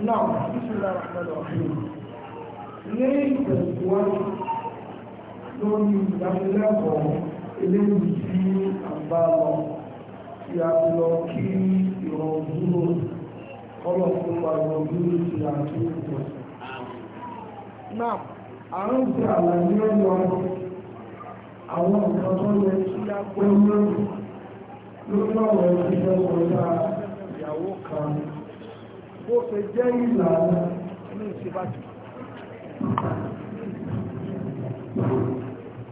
náà bísílá àpẹẹrẹ ọ̀hún ní ìtẹ̀síwájú lórí ìdánilẹ́kọ̀ọ́ eléyìí tí àgbà lọ tí a ti lọ kí ìrọ̀ dúró kọ́lọ̀ tó wà ti àlàyé ọ̀yọ́ àwọn nǹkan tó yẹ kí á pẹ́ lórí lórí ọ̀rọ̀ ìfẹ́ kọjá ìyàwó bó ṣe jẹ́ ìlànà ní ìṣẹ́bájú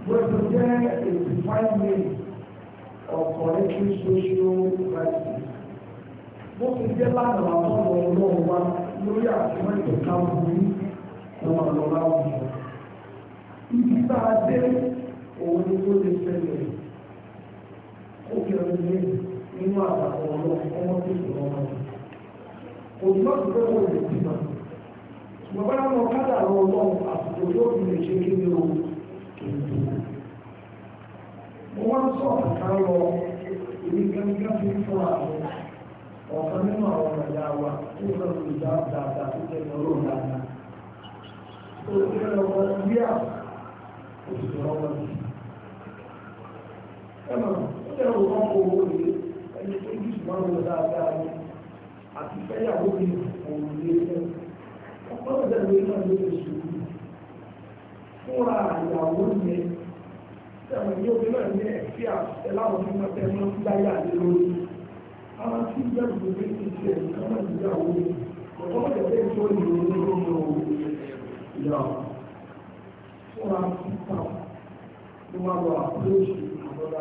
bó ṣe jẹ́ ìfáìmì ọ̀kọ̀rẹ́ kí ṣoṣo láti bó ṣe jẹ́ lánàá àwọn ọlọ́run lórí àtúnwá ìjọba orí ọmọ a dé òun ni tó lè ṣẹlẹ̀ ó kẹrin ní nínú àtàwọn ọlọ́run ọmọ tó òjò ti fẹ́ wọ́n lè bímọ. Mo bá wọn kádà lọ ọlọ́run àsìkò yóò fi lè ṣe kí ni o kéde. Mo wọ́n sọ ọ̀kà lọ èmi gángan fi fún àwọn ọ̀kan nínú àwọn ọ̀gá wa tó ń lọ sí ìjà dáadáa tó jẹ́ ìnáwó dáadáa. Ó fẹ́ lọ wọ́n bí à ó sì lọ Ẹ mọ̀, ó jẹ́ òun kọ́ owó yìí ẹni tó jù sí wọn lọ dáadáa yìí àti fẹ́yàwó ní òun lé fẹ́. ọ̀pọ̀ ìdẹ́gbẹ́ náà ló lè ṣubú. fúnra ìyàwó yẹn sẹ́wọ̀n ní obìnrin náà ní ẹ̀fí àtẹláwọn tí wọ́n fẹ́ mọ́ gbáyà lé lórí. àwọn tí ìjọba ìgbé ti ti ẹ̀ ká má ti yàwó mi. ọ̀pọ̀ ìdẹ́gbẹ́ tó ní ìlú ló ń lọ fúnra títà ló wá lọ àpòlóṣì àbọ̀dá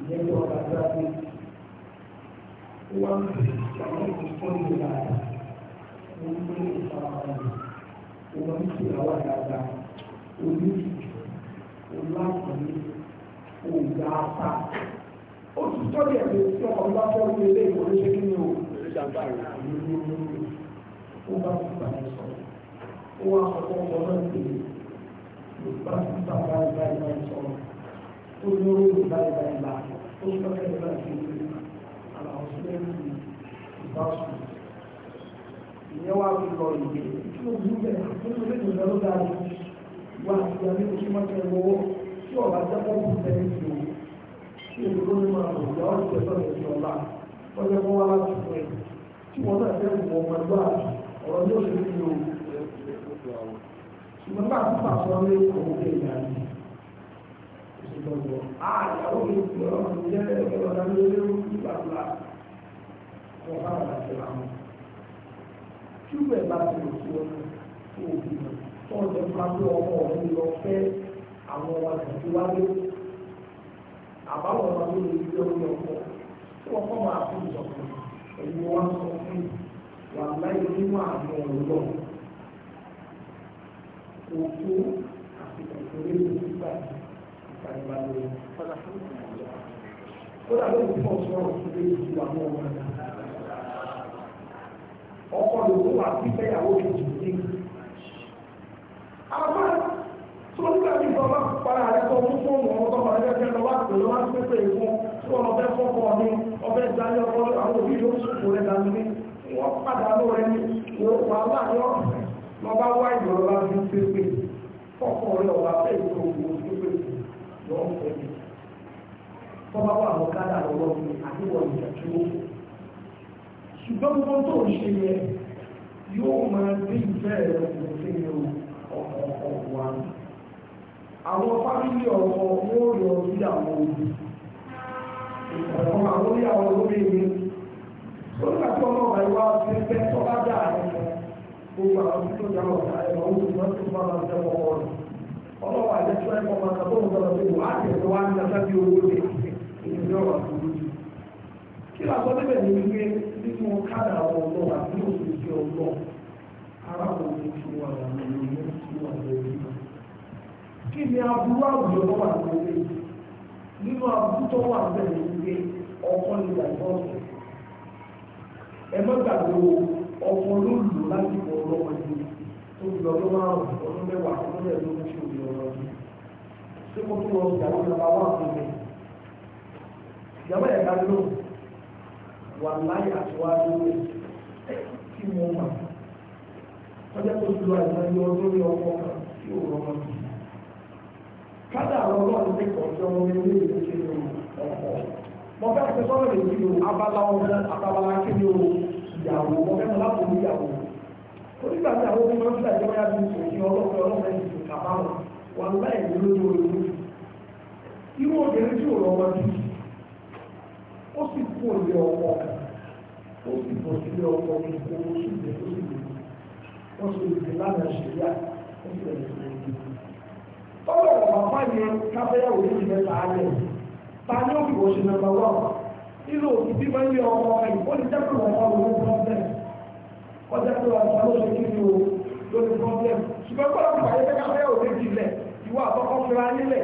ìyẹn lọ́ọ́ one point nine one point five one point àwọn dada oní olákùnrin ògbà apá ó ti tọ́jú ẹ̀mí tí ọkọ̀ bá fẹ́ wí ilé ìwọ̀n ṣe kí ni o ó bá ti bàjẹ́ sọ ó wá kọ́kọ́ ọkọ̀ náà ti lè bá ti bàbá ìgbà ìgbà ìsọ̀rọ̀ ó ní orí ìgbà ìgbà ìgbà ó sọ fẹ́ ìgbà ìgbà lọ́sùn ìyẹn wá fi lọ ìwé tí ó wú bẹ́ẹ̀ nínú méjì lọ ló dáa wá sí àmì oṣù mọ́tẹ́ lọ́wọ́ tí ọ̀bá jábọ́ kù bẹ́ẹ̀ sí o tí èdè ló ní máa lòdì àwọn ìjọ tó lè fi ọba lọ́jọ́ kó wá láti fún ẹ tí wọ́n náà fẹ́ wọ ọmọ ẹgbẹ́ àti ọ̀rọ̀ ní oṣù tí o ṣùgbọ́n bá àtúntà sọ lé òun lè yà á ní ìṣèjọba àyàwó mi ti ọ̀rọ̀ mi jẹ́ ẹgbẹ́ wọ́n bá wà láti ra wọn. túbẹ̀ bá ti lò sí ọdún tó òbí mọ̀ tó ọ̀dọ̀ máa gbé ọmọ ọ̀hún lọ fẹ́ àwọn ọmọ àti wáyé àbáwọn ọmọ tó lè gbé orí ọkọ tí wọ́n kọ́ máa fún ìjọkùn ẹ̀yìn wọn sọ fún wà láì nínú àwọn ọ̀rọ̀ lọ. òkú àti kòkòrò èlò nígbà ìpàdé balùwẹ̀ kódà lóòótọ́ sọ̀rọ̀ fún èyí àwọn ọmọ náà ọkọ lòun wà sí fẹ́yàwó kejì sí. àmọ́ tí wọ́n nígbà para rẹ̀ kọ́ fún fóònù ọmọ tó máa lẹ́gbẹ̀ẹ́ lọ wá pè lọ wá sí pé èkó tí wọ́n ọbẹ̀ fọ́kọ́ ni ọbẹ̀ ìdájọ́ ọkọ àwọn òbí yóò sùkú rẹ̀ dání ní wọ́n padà lọ rẹ̀ ní wọ́n wà lọ́ lọ́ba wá ìgbọ̀lọ́ba fi pépè fọ́kọ́ rẹ̀ ọ̀wá fẹ́ ìkó ṣùgbọ́n gbogbo tó ń ṣe yẹ yóò máa bí ìfẹ́ rẹ̀ kò sí ní ọkọ̀ ọkọ̀ wa àwọn fámílì ọkọ̀ yóò yọ sí àwọn òbí ìkọ̀ọ̀kan àwọn orí àwọn olórí mi lóríkà tí ọmọ ọ̀gá ìwà ti ń fẹ́ tọ́ bá dà àyẹ̀kọ́ gbogbo àwọn tí ó dáwọ̀ ọ̀gá ẹ̀rọ ó sì máa ń tún máa jẹ́ ọkọ̀ rẹ̀ ọlọ́wọ́ àjẹsọ́ ẹ̀kọ́ máa tàbí òun lọ́dọ̀ tó wà á tẹ̀sọ́ wá ní aṣáájú owó lè ìdílé ọ̀rọ̀ ní wípé nínú kádà ọlọ́ àti òṣìṣẹ́ ọlọ́ ara òun ti wà lórí ti wà lórí kí ni aburú àwùjọ tó wà lórí nínú aburú tó wà bẹ̀rẹ̀ ẹ má ọkọ ló lò láti ọlọ́wọ́ ẹni tó ọdún márùn-ún ọdún mẹ́wàá ọdún mẹ́ẹ̀ẹ́dógún tí ò ọ̀rọ̀ ọdún ṣé lọ sí ìjọba wà wà láyé àtiwájú rẹ̀ tí mo mọ̀ ọjọ́ tó ju àìsàn yọ ọdún ní ọkọ̀ kan tí ò rọ́mọ́ bí. kádà àwọn ọlọ́run ti kọ̀ sí ọmọ mi ní ìlú kí ni ọkọ̀. mo fẹ́ ṣe sọ́nà lè fi abala ọmọ abala kí ni ìyàwó mo fẹ́ mọ láti ní ìyàwó. onígbà tí àwọn obìnrin máa ń gbàgbé wáyà bí òfin ọlọ́pẹ́ ọlọ́pẹ́ ìsìn kàbáwọ̀ wà láyé lójú olùkú. irú obìnrin tí ó sì kú òye ọkọ ó sì bọ̀ sílé ọkọ ní owó sílẹ̀ ó sì lè wọ́n sì lè lánàá ṣẹlẹ̀ ó sì lè lè lè. tọ́lọ̀ bàbá yẹn káfẹ́yàwó ní ìlẹ̀ sàálẹ̀ ta ni ó fi wọ́n ṣe nàbà wà nínú òbí bí máa ń lé ọkọ ẹ̀yìn ó lè jẹ́ pé wọ́n wá lórí problem ọjà pé wọ́n wá lórí kí ni o lórí problem ṣùgbọ́n pẹ̀lú àgbà yẹn káfẹ́yàwó ní ìlẹ̀ ìwọ àtọkọ fira nílẹ̀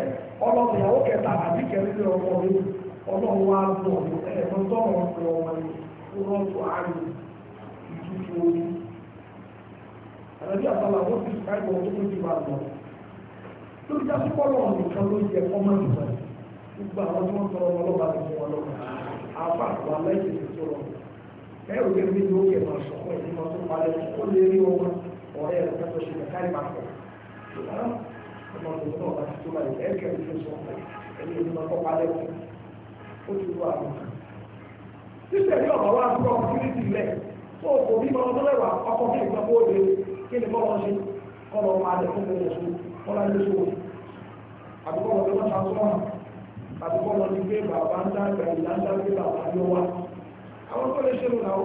ọlọ́mọ ẹ̀fọn tó wọn fọ ọmọ yìí ó rán tó ààrẹ ìtútù orí àtàbí àtàlà wọn fi káìpọ̀ tó kún ti wà lọ lórí jásí pọ́lọ̀ nìkan ló yẹ ọmọ nìkan gbogbo àwọn tí wọ́n tọrọ wọn lọ́ba ti fún wọn lọ́ba àbá àtàlà lẹ́yìn tó tọrọ ẹ ò lè rí lókè máa sọ fún ẹni máa tó parẹ́ ó lè rí ọmọ ọ̀rẹ́ rẹ̀ kẹ́kọ̀ọ́ ṣe lè káì máa pọ̀ ṣùgbọ́n ọmọ tòun náà bá ti tó báyìí ẹ̀kẹ́ ìfẹ́ sọ ẹni ìfẹ́ máa kọ́ parẹ́ ó títẹ̀ ní ọ̀pọ̀ wá sí ọ̀pọ̀túnìtì lẹ̀ tó kò bí ọmọ tó lẹ́wà ọkọ̀ fún ìgbà kó lè kí ni kọ́lọ́ ṣe kọ́lọ́ máa lẹ̀ fún ẹ̀yẹ̀ sùn kọ́lá ní sùn àbúkọ́ lọ sí mọ́ta sọ́nà àbúkọ́ lọ sí pé bàbá ń dá ìgbà ìlà ń dá pé bàbá yóò wá àwọn tó lè ṣe lò náà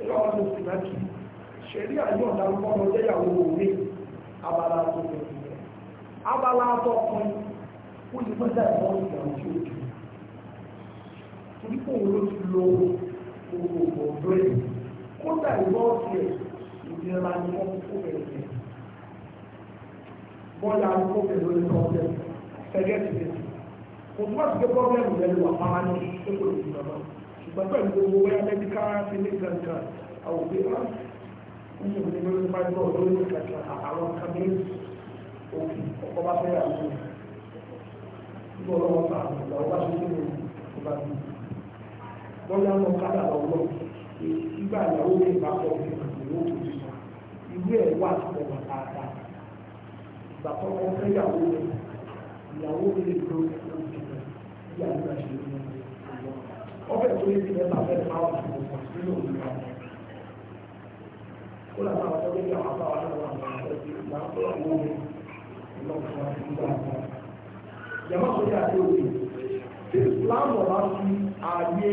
ìlú àwọn tó sì náà kì í ṣẹ̀rí àjọ ìdárúkọ lọ jẹ́yàwó òwe abala àtọkùnrin abala àtọkùnrin ó lè mọ́ta ìmọ̀ ìgbà òjò òjò torí kò wọ́n ti lo gbogbo ọ̀dọ́rẹ́ kódà ìwọ́ọ̀sì ẹ̀ ìlera ni wọ́n kó bẹ̀rẹ̀ sí bọ́ọ̀lù àwọn kó bẹ̀rẹ̀ lórí pọ́blẹ́mù fẹ́gẹ́ ti bẹ̀rẹ̀ kò tó bá ti gbé pọ́blẹ́mù rẹ̀ lè wà pàmà ní ẹgbẹ́ òkú bàbá ṣùgbọ́n pẹ̀lú gbogbo wẹ́yà mẹ́díkà ti ní kankan àwògbé á ń mú ní lórí pàjọ́ lórí kankan àwọn kàmí òkú ọkọ̀ bá fẹ́ yà lórí ìgbọ́ àwọn ọba lọ́yà lọ kádà lọ́wọ́ ìgbà ìyàwó mi bá pọ̀ ní ìlú òkè ìwé ẹ̀ wà sí ọ̀wà dáadáa ìgbà tó kọ́ fẹ́ ìyàwó mi ìyàwó mi lè lo ìjọba ìyá ìgbà ṣe ní ọ̀wọ́ ọbẹ̀ tó yẹ kí ẹ bá fẹ́ máa wà sí ọ̀wọ́ nínú òmìnira kó làwọn àwọn ọ̀dọ́ méjì àwọn àbáwá náà wà ní ọ̀dọ́ ìgbà tó wà ní ọ̀wọ́ ìlọ́kùnrin àti ìgbà àbáwá yàrá sọ́jà àti òwe tí ìsìlámù ọ̀la fi ààyè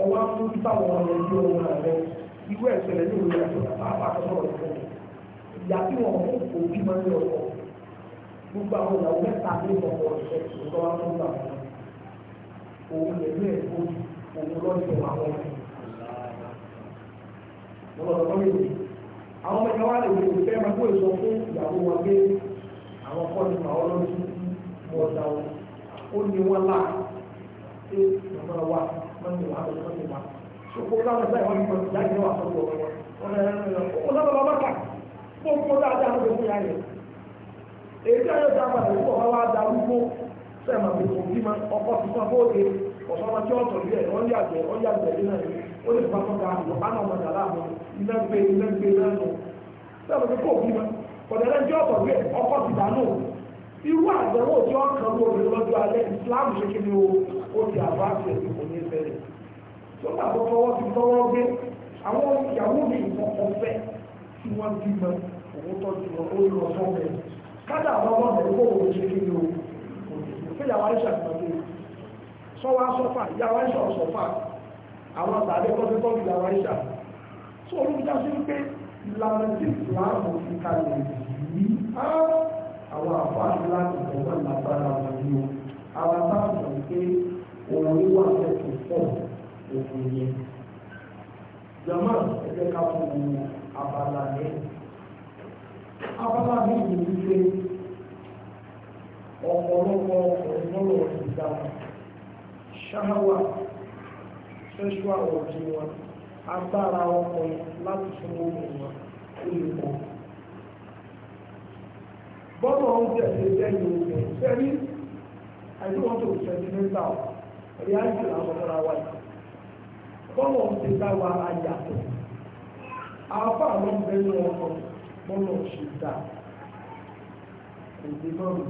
ọwọ́ fún táwọn ọmọ ẹgbẹ́ ọmọ rẹ irú ẹ̀sẹ̀lẹ̀ ní ìwé àti àpá àtọ́sọ̀rọ̀ ìfẹ́ ìyá tí wọ́n fún òbí máa ń lọ ọkọ̀ gbogbo àwọn ìyàwó mẹ́ta ní ìmọ̀kọ̀ ìfẹ́ ìtọ́wá tó ń bà wọ́n òun lè ní ẹ̀kọ́ òun lọ́sẹ̀ àwọn ọmọ ẹ̀ka wá lè wò ó fẹ́ máa kó èso fún ìyàwó wọn pé àwọn kọ́ ni àwọn lọ́sùn mọ̀ọ́dá wọn ó ní wọn láà ṣé màmá wa mọ́tò wà lọ sọ́tò wà ṣòkó láwọn ẹgbẹ́ wọn kọ jáde wà sọ́tò wọn wọn ẹ̀ ọmọ náà bàbá bàtà gbogbo dáadáa ló fún yá yẹn èyí tí a yẹ sá padà wípé ọba wa da wípé sẹ́ẹ̀mà tó kò bí ma ọkọ̀ tó sọ fóde ọ̀sán ma tí ó tọ̀ bí ẹ̀ wọ́n yà jẹ́ wọ́n yà jẹ́ bí náà ó lè fa fọ́ta àlọ́ àná ọmọdé aláàbò iná gbé iná gbé iná nù sẹ́ẹ̀mà tó kò bí ma ọ̀dẹ̀dẹ̀ tí ó tọ̀ bí ẹ̀ ọkọ̀ ti dànù irú àdánwò tí ó kàn ló lọ́jọ́ alẹ́ Islam ṣe kí ni o ó ti àbá àti ẹ̀sìn bẹ̀rẹ̀ tó bá bọ́ tọwọ́ fi tọwọ́ gbé àwọn ìyàwó mi nǹkan kan fẹ́ tí wọ́n bí mọ òun tọ́jú lọ ó lọ sọ́ọ̀bẹ̀ kádà àwọn ọmọ rẹ̀ kó òun ṣe kéde o fún ìyàwó àìsà ìpàdé sọ́wọ́ sọ́fà ìyàwó àìsà ọ̀sọ̀fà àwọn àtàlẹ́ kọ́sí tọ́jú ìyàwó àìsà tó olùdíjà sí pé ìlànà tí ìlànà fi kalẹ̀ yìí àwọn àfáà ńlá ìtọ́wọ́ ìlàgbára wọn ni o àwọn àtàkùn pé òun ní wà fẹ́ẹ̀kì fún òfin yẹn. jọ̀mọ́ ẹgbẹ́ ká fún mi abala yẹn. abala mi yìí ní pé ọ̀pọ̀lọpọ̀ ọ̀rọ̀ ìgbà ṣáwà sẹ́ṣuà ọ̀dì wọn agbára ọkọ̀ láti fún omi wọn olùkọ́. bọ́lá oúnjẹ ṣe jẹ́ ìlú obìnrin àìsí wọn tó sẹ́ńtímẹ́tà ọ̀ ẹ̀yà àti àwọn ọmọdé wa yìí bọ́lọ̀ ti dá wa ayàtọ̀ àbá àwọn bẹ́ẹ̀ ní ọkọ̀ bọ́lọ̀ ṣe dá òde náà lò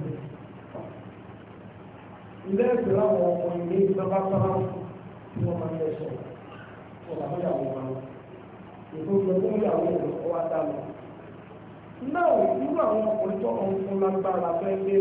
ilé ẹ̀sìn láwọn ọmọ ilé ìjọba sára tí wọ́n máa ń lẹ́sọ̀ ọ̀gá fún ìyàwó wa ìfowópamọ́ fún ìyàwó ọ̀wá dá lọ náà irú àwọn ọkùnrin tó ọ̀hún fún lágbára fẹ́ẹ́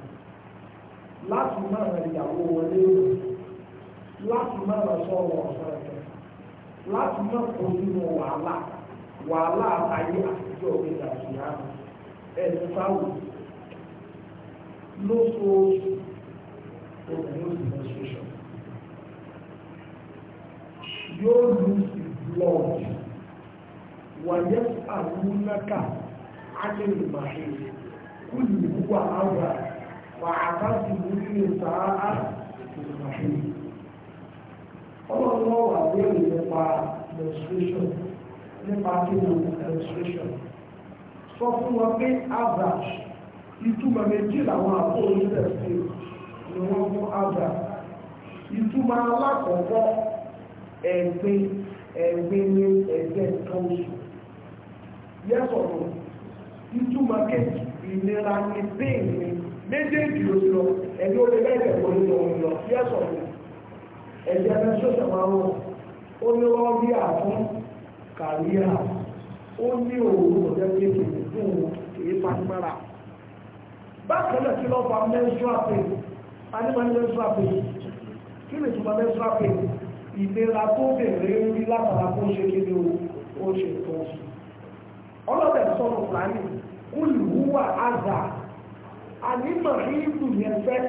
láti má ra ìyàwó wọlé láti má ra sọ̀rọ̀ ọ̀sán rẹ̀ láti má kó nínú wàhálà wàhálà àtàyè àtijọ́ ìgbà ìyá ẹ̀sìn sáwù lóṣooṣù obìnrin ó ṣoṣọ yóò lu ìlọ́ọ̀jù kúlù ìwúwà وعتقد في ساعة المحيط ọlọ́run wà lórí nípa menstruation nípa kíni menstruation sọ fún wọn pé abrach ìtumọ̀ méjì làwọn àpò onídẹ̀ẹ́sì ni wọ́n fún abrach ìtumọ̀ alákọ̀ọ́kọ́ ẹ̀gbin ẹ̀gbin ní ẹ̀gbẹ́ nǹkan oṣù yẹ́sọ̀rọ̀ ìtumọ̀ kejì ìnira ní bẹ́ẹ̀ ni méjèèjì ló lọ ẹni ó lè lẹ́yìn ẹ̀kọ́ ló lọ lọ sí ẹ̀sọ̀ mi ẹ̀jẹ̀ ẹni sọ̀tọ̀ máa wọ̀ ó ní wọ́n bí àfún kàríà ó ní òun ọ̀jẹ́ kékeré fún òun èyí pàṣípàrà bákan náà kí lọ́ọ́ fa menstrual pain animal menstrual pain kí ni ìtumọ̀ menstrual pain ìlera tó bẹ̀rẹ̀ rí látara kó ṣe kéde ó ṣe tó ọlọ́dẹ̀ sọ̀rọ̀ fúlàní kúlù wúwà àzà ànímọ̀ ní ìlú yẹn fẹ́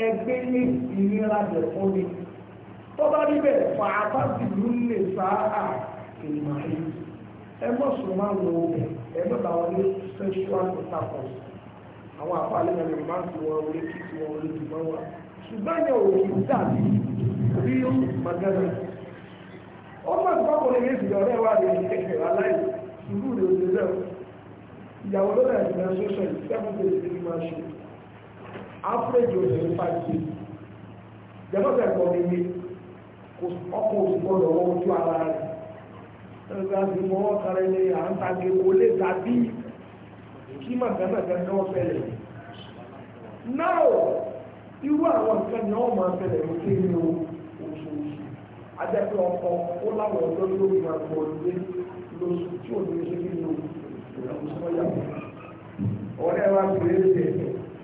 ẹgbẹ́ ní ìlera rẹ̀ fún mi tó bá níbẹ̀ fà á bá sì lù ú lè sá à ìmọ̀ yìí ẹ mọ̀ sùn máa wọ ọbẹ̀ ẹ ní sexual intercourse àwọn àpáàlẹ́ náà lè má ti wọn orí kí ti wọn orí jù mọ́ wọn ṣùgbọ́n yẹn ò kì í dàbí bí magana ó mọ̀ sí báwo ni yéé ti dọ̀rẹ́ wa lè kékeré aláìsí ìlú rẹ̀ òde náà ìyàwó lọ́nà ìgbìmọ̀ social seven days ní máa ṣe average oṣù ní five days jẹ́mọ́sẹ̀ pọ̀ níbi ọkọ̀ oṣù gbọ́dọ̀ wọ́n ojú ara rẹ̀ ẹgbẹ́ àti ìfọwọ́ kárẹ́ ní à ń tagé olè tàbí kí màgánàgán ní wọ́n fẹ́lẹ̀ náà irú àwọn nǹkan ni wọ́n máa fẹ́lẹ̀ ní kéde oṣooṣù ajẹ́pẹ́ ọkọ̀ ó láwọn ọjọ́ tó máa gbọ́ lé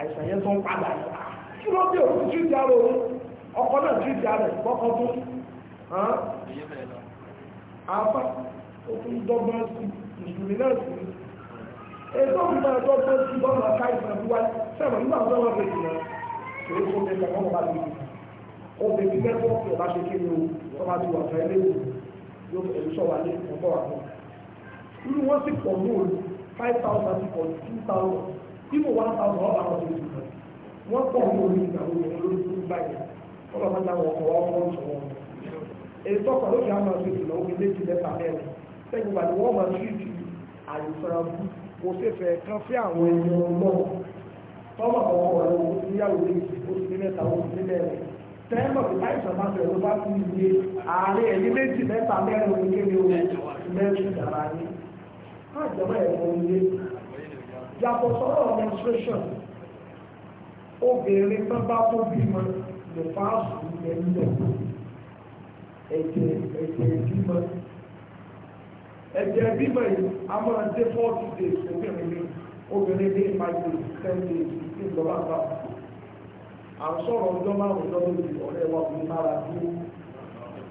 àìsàn yẹn tó ń padà yìí ah, kí ló dé òkú tìrìtì ara òun ọkọ náà tìrìtì ara ẹ̀ kọ́kọ́ tó àbá òkú dọ́gbọ́n sí ìṣúlẹ̀ náà sí ètò ìgbà dọ́gbọ́n sí bọ́ọ̀lù ọ̀ká ìgbà tó wáyé sẹ́wọ̀n nígbà tó wọ́n fèsì náà kìí kó bẹ́ẹ̀ kẹ́kọ́ wọn bá ti wù ó bẹ́ẹ̀ bí mẹ́tọ́ ọ̀fẹ́ bá ṣe o wọ́n ti wà fẹ́ léwu yóò fẹ́ ẹ̀rú sọ̀wá lé ọ̀bọ̀ wà fún un. irú wọn sì pọ̀ ní òòlù five thousand pọ̀ two thousand people one thousand all our people wọ́n pọ̀ ní orí ìgbàlódé olórí tó ń báyìí wọ́n lọ́ọ́ máa wọ̀ ọ́ wọ́n sọ wọn. èyí tó kọ̀ lóṣù àmọ́ ṣe ìlọ omi méjì lẹ́fà mẹ́rin sẹ́yìn ìgbà ni wọ́n máa ṣí ti àyùsọ̀rọ̀ bú kò ṣe fẹ́ kán fẹ́ àwọn ẹni ọlọ́ọ̀ tọ́mọ̀ àwọn ọ̀rẹ́ owó níyàwó lè fi oṣù ní mẹ́ta oṣù ní mẹ́rin tẹ́mọ̀ bí àìsàn bá fẹ́ ló bá fi iye ààrẹ ẹni méjì mẹ́ta mẹ́rin omi kéde omi mẹ́rin dára ní yàtọ̀ sọ́rọ̀ menstruation obìnrin tó bá tó bímọ lè fáàsù ilẹ̀ ilẹ̀ ẹ̀jẹ̀ ẹ̀jẹ̀ bímọ ẹ̀jẹ̀ bímọ yìí a máa dé forty days obìnrin ní obìnrin ní five days ten days ní ìjọba àgbà à ń sọ̀rọ̀ ọjọ́ márùn ọjọ́ lórí ọ̀rẹ́ wa kò ní mára bí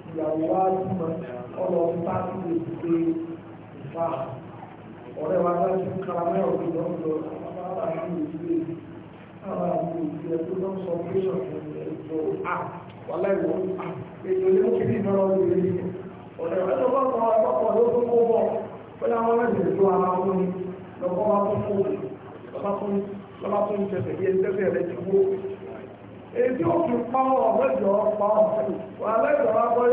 ìyàwó wa bímọ ọlọ́run bá ti lè dé ìfáàsù ọ̀rẹ́ wa bá tún kára mẹ́rọ̀ tó lọ lọ àwọn àmì ìdílé àwọn àmì ìdílé tó lọ sọ pé ọ̀rẹ́ ẹ̀jọ̀ à wà láìwọ̀ à ètò ilé kí ní lọ́rọ̀ lè rí ọ̀rẹ́ wa tó bá kọ́ ọ̀pọ̀ ló tó kó bọ̀ pẹ̀lú àwọn ẹ̀jẹ̀ tó ara wọn ni lọ́kọ́ wa tó kó lọ́ba tó lọ́ba tó ń tẹ̀sẹ̀ bí ẹni tẹ́sẹ̀ rẹ̀ ti wó èdè òfin pàwọ̀ ọ̀gbẹ́jọ́ pàwọ̀ wà lẹ́jọ́ wa bọ́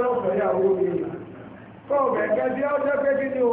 yọ̀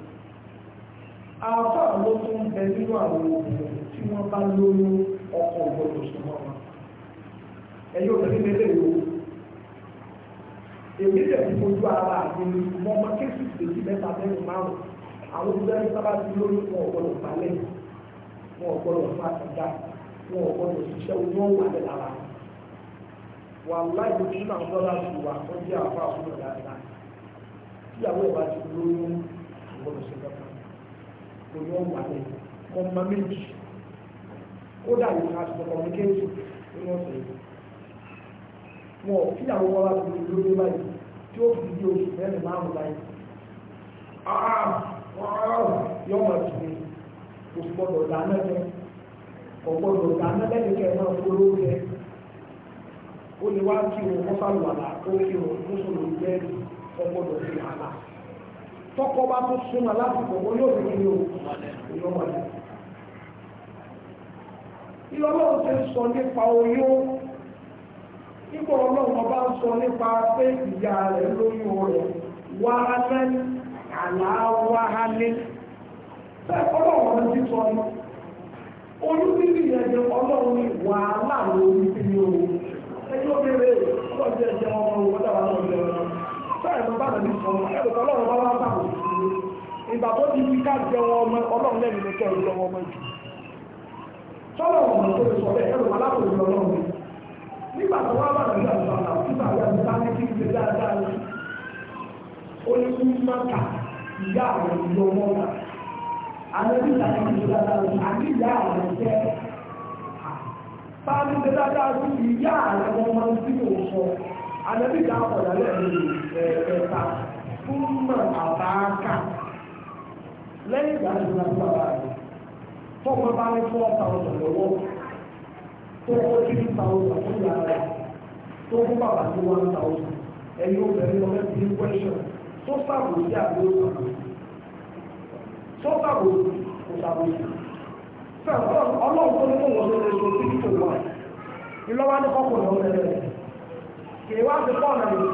àáfà ló tún ń bẹ nínú àwọn obìnrin tí wọ́n bá lóyún ọkọ̀ ọ̀gbọ̀dọ̀ sọmọ wọn ẹ̀yọ́ obìnrin lélẹ̀ yòó èmi lè fi ojú ara àti mọ ọmọ kéésì èyí mẹ́ta mẹ́rin márùn àwọn obìnrin sábà ti lóyún wọn ọ̀gbọ̀dọ̀ balẹ̀ wọn ọ̀gbọ̀dọ̀ fún àtàdá wọn ọ̀gbọ̀dọ̀ ṣiṣẹ́ wọn wà lára wà láì lójú náà lọ́dà sí wa ó jẹ́ àfa àfúnà dáadáa tíyàwó ìbá ti lóyún ọ̀gbọ̀dọ̀ sọ kò ní ọ̀wà rẹ̀ ọmọ méjì ó dà wọ́n ká sọ communication nínú ọ̀sẹ̀ yìí wọn kí àwọn ọmọ wa ti ló dé báyìí tí ó fi di oṣù mẹ́rin márùn-ún báyìí yọ ọmọ ìṣúni kò sì gbọdọ̀ dáná jẹ kò gbọdọ̀ dáná kẹ́ ẹ máa polówó ó lè wá kí o kọ́fà lọ́la ó kí o mùsùlùmí jẹ́ ọgbọ́dọ̀ sí àlà. tọ́kọ bá tó súnmọ́ lásìkò wọn yóò rí nínú ìlọ́mọdé ìlọ́lọ́run ti sọ nípa oyún nígbà ọlọ́run ọba sọ nípa pé ìyá rẹ̀ lóyún rẹ̀ wàhálẹ́ àláwàhálẹ́ bẹ́ẹ̀ ọlọ́run ọrụ ti sọ oyún bíbí yẹn jẹ ọlọ́run ní wàhálà lórí bíbí oyún ẹjọ́ ọlọ́run ẹ̀jẹ̀ ọmọ ẹ̀mọ́ bá nàbí sọ ẹ̀rọ ọlọ́run bá wá báwọn ìṣòro ìgbà tó ti fi ká jẹ wọn ọmọ ọlọ́run lẹ́nu ní kẹ́ ìjọ wọn ọmọ jù sọ́lọ̀ ọmọ tó lè sọ bẹ́ẹ̀ ẹ̀rọ alákòóso ọlọ́run nígbà tó wá bá nàbí àtúntà àtúntà àti àtúntà ní kí n ṣe dáadáa ní oníkú mọ́ta ìyá àwọn ìlú ọmọ náà àlejò ìdájọ́ ìṣe dáadáa ní àbí ìyá àwọn ìṣe táà ní ṣe dáadáa sí ìyá àwọn ọmọ tí kò sọ àdàbí ìdá ọ̀dà lẹ́yìn ẹ̀ẹ́dẹ́ta fún mọ̀ àbáàkà lẹ́yìn ìgbà tó lọ sí bàbá rẹ̀ fọ́ọ̀mù bá ní four thousand lọ́wọ́ tó kó three thousand fún ìyá rẹ̀ tó fún bàbá ní one thousand ẹ̀yin obìnrin lọ́wọ́ ti ní question tó sàbò sí àbúrò sàbò tó sàbò kò sàbò sí. Fẹ́ẹ̀ ọlọ́run tó ní kó wọ́n lè lè so sí ìtòwọ́ ìlọ́wọ́ ní kọ́kùnrin ọ̀rẹ́ rẹ̀. kìí wá sí pọ́ọ̀nà rẹ̀ kìí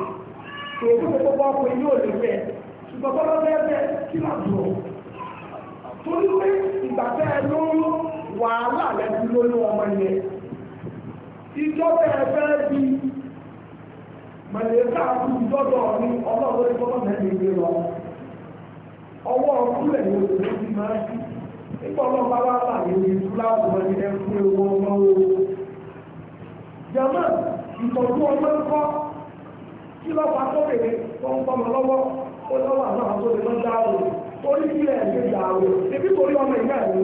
fún mi gbogbo ọkùnrin yóò fẹ́ ṣùgbọ́n kí dùn ọ́ torí pé ìgbà tẹ́ ẹ lóyún wàhálà ọmọ yẹn ìjọba ẹ fẹ́ bí mọ̀lẹ́ká kú ìjọba ọ̀ní ọlọ́run ìjọba mẹ́rin lọ ọwọ́ ọkùnrin ló ti máa ewu ìtọ́jú ọjọ́ ń kọ́ kí lọ́pàá tó bèrè tó ń tọ́mọ lọ́wọ́ ó lọ́wọ́ àwọn tó lè lọ àwò torí ilẹ̀ ẹ̀gbẹ́ ìgbà àwò ebi torí ọmọ ìgbà ẹ̀wò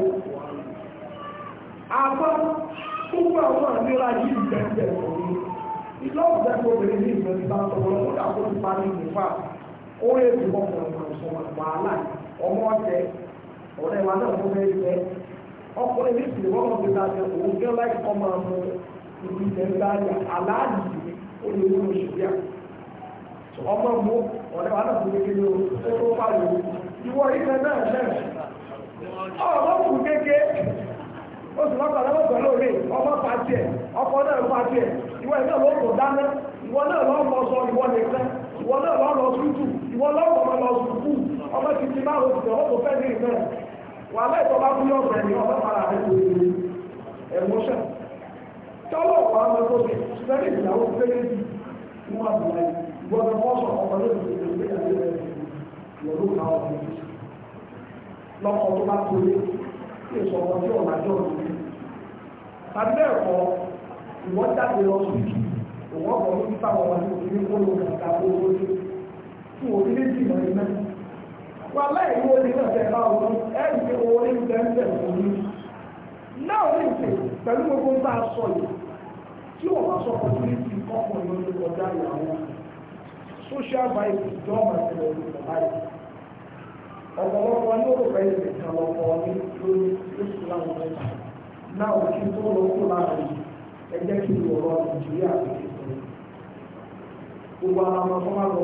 àbọ̀ gbogbo àwọn àmìlà yìí ìgbẹ̀ǹdẹ̀ òní ìlọ́ọ̀dẹ́ tó bèrè ní ìgbẹ̀ǹdẹ̀ bá tọ́mọ lọ́wọ́ dàbó ti parí nípa ó yẹ kí ọkùnrin ọmọ ọ̀sán wà ibi tẹ̀lá yà aláàlì olówó òṣèlú ọmọ mú ọ̀rẹ́ wa náà fún kékeré o tó pàlò ìwọ ilẹ̀ náà ṣẹ̀ṣẹ̀ ọmọ fún kéke ó sì lọ́pàá lọ́wọ́ pẹ̀lú òde ọmọ pàtì ẹ̀ ọkọ náà pàtì ẹ̀ ìwọ ìlú ọ̀rọ̀ kò dáná ìwọ náà lọ́wọ́ lọ sọ ìwọ nìkan ìwọ náà lọ́wọ́ lọ sútù ìwọ lọ́wọ́ ọmọ lọ sùkú ọmọ ti ti máa rògbò ọmọ fẹ́ ní ìmẹ́ wà láì tọ́ bá fún yọ̀ọ̀fẹ́ ni ọmọ tọ́lọ̀ wà á mọ́tò bẹ̀ sẹ́rí ìyàwó péré bí wọ́n á bọ̀ láyé ìgbọ́dọ̀ mọ́sọ̀ ọmọ lórí ìgbésẹ̀ ìgbésẹ̀ lọ́dún kan ọ̀dún lọ́kọ̀ tó bá tó lé kí èso ọmọ tí ọ̀nà jọ ọ̀dún tàbí ẹ̀kọ́ ìwọ́n jáde lọ síbi òwò ọ̀pọ̀ lórí táwọn ọmọ tó ní kó lóun kàkà owó lé fún òdílé jì lọ iná wà láì wó ní ọ̀sẹ̀ náà ọdún ẹ̀rù pé owó ní bẹ́ẹ̀ bẹ́ẹ̀ fún pẹ̀lú gbogbo ń bá a yìí tí wọ́n bá sọ opportunity kọ́kọ́ ní ọjà ìyàwó social vibe ìjọba ìṣẹ̀lẹ̀ ìjọba báyìí ọ̀pọ̀lọpọ̀ ní òkú fẹ́ ìrìn kan lọ́pọ̀ ní lórí oṣù láwọn mẹ́ta náà ò kí tó lọ kó láàrin ẹ nàìjíríà ti sọ gbogbo ara wọn tó máa lọ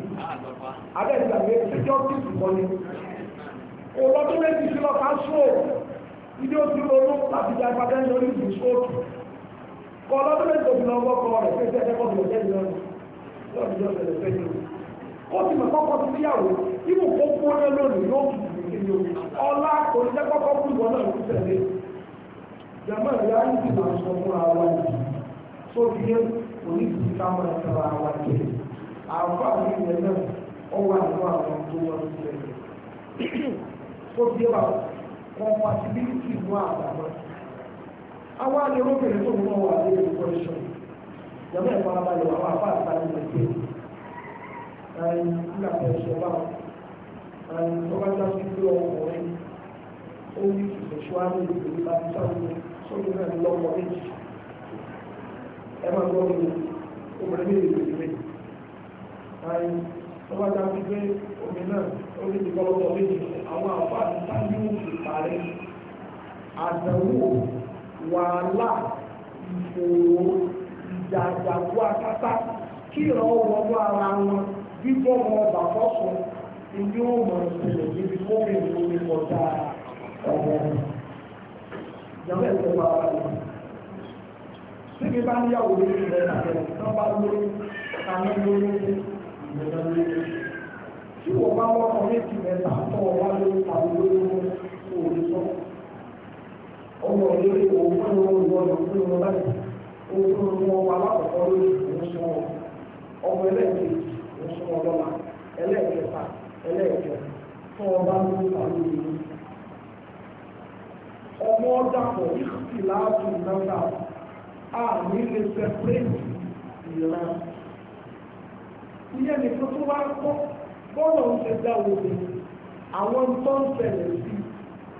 abẹ́gbà méjì jọ́ sí ìṣùgbọ́n ni ọlọ́dún méjì sí lọ́ta ṣóò ilé ojú lóòrùn láti jẹ apá tẹ́lẹ̀ lórí ìlú ṣóòtù kọ ọlọ́dún méjì òbí lọ wọ́kọ rẹ̀ pé tẹ́ ẹ̀kọ́ tó tẹ́lẹ̀ lọ́rùn lọ́dún jọ tẹ́lẹ̀ tẹ́lẹ̀ ó ti mọ̀ kọ́kọ́ sí níyàwó ibù kó kó lónìí yóò kù nínú ọlá onídẹ́kọ́kọ́ kú ìwọ náà kú tẹ̀lé jẹ́mọ́ ìyá ń ti máa sọ fún ara yìí sóbi ọwọ́ àwọn àwọn tó wọ́n ń tẹ̀lé tó bí wà compatibility mú àbàmọ́ àwọn àdéhùn kèrè tó mú wọn wà ní ẹ̀kọ́ iṣẹ́ ìjọba ẹ̀kọ́ abalẹ̀ wà wà fáà sáré lè dé ẹ̀yìn nígbà tó ẹ̀ṣẹ̀ bá ẹ̀yìn tó bá já sí pé ọkùnrin ó ní ìṣẹ̀ṣuáré ìgbèrú bá ti sáré sórí náà lọ́wọ́ méjì ẹ máa gbọ́ mi obìnrin méjì lè tó bá dá wípé omi náà ó ní ìgbọ́lọ́pọ̀ méjì àwọn àǹfààní sáyé òkè parí àdánwò wàhálà ìfòòró ìjàjàgbó akátá kí ìrànwọ́ wọnú ara wọn bíbọ́ wọn bàbọ́ sùn ilé ó mọ̀ ìṣẹ̀lẹ̀ níbi tó rí ìwé kọjá ọ̀rọ̀ ìjọba ẹ̀sẹ̀ wà wà lọ. Síbi bá ń yàwó lórí rẹ̀ àtẹ̀wò tán bá lórí àmọ́ lórí tí wọ́n bá wọ́n kọ́ méjì mẹ́ta tó wọ́n wá lórí ọmọ ìlérí òun fún lọ fún láti lórí ọmọ ẹlẹ́ẹ̀kejì ẹlẹ́ẹ̀kẹta ẹlẹ́ẹ̀kẹ tó bá ọmọ náà dà á nílé ìlànà. ìyẹn nìkan tó wá kọ́ bọ́ọ̀lù ń ṣe dá owó mi àwọn tó ń ṣẹlẹ̀ sí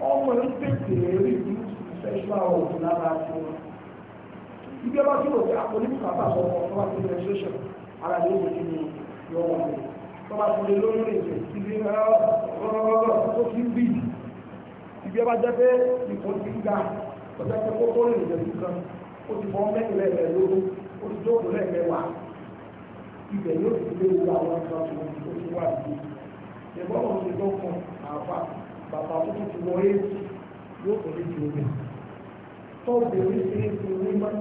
ọmọ ń tètè rí ní sexual health lára sí wọn. ibi ọba tí wọ́n ti àpolímù kàtà sọ fún ọba tí menstruation ara ló wù nínú yọ̀wọ̀ mi tọ́ba ti lè lórí èdè ibi rọ́rọ́rọ́ tó fi bì ibi ọba jẹ́ pé ìkọ́ ti ń ga ọjọ́ pé kókó lè jẹ́ nìkan ó ti fọ́ mẹ́rin lẹ́ẹ̀mẹ́ lóró ó ti jókòó lẹ́ẹ̀mẹ́wàá ibẹ̀ yóò fi lé owó àwọn ọ̀ṣọ́ àtúntò tó ti wà ní. ìjọba wọn ti lọ́kàn àbá bàbá tó ti wọ éèdì yóò kọ́ ní ti omi. tó obìnrin ṣe é fi orí mọ́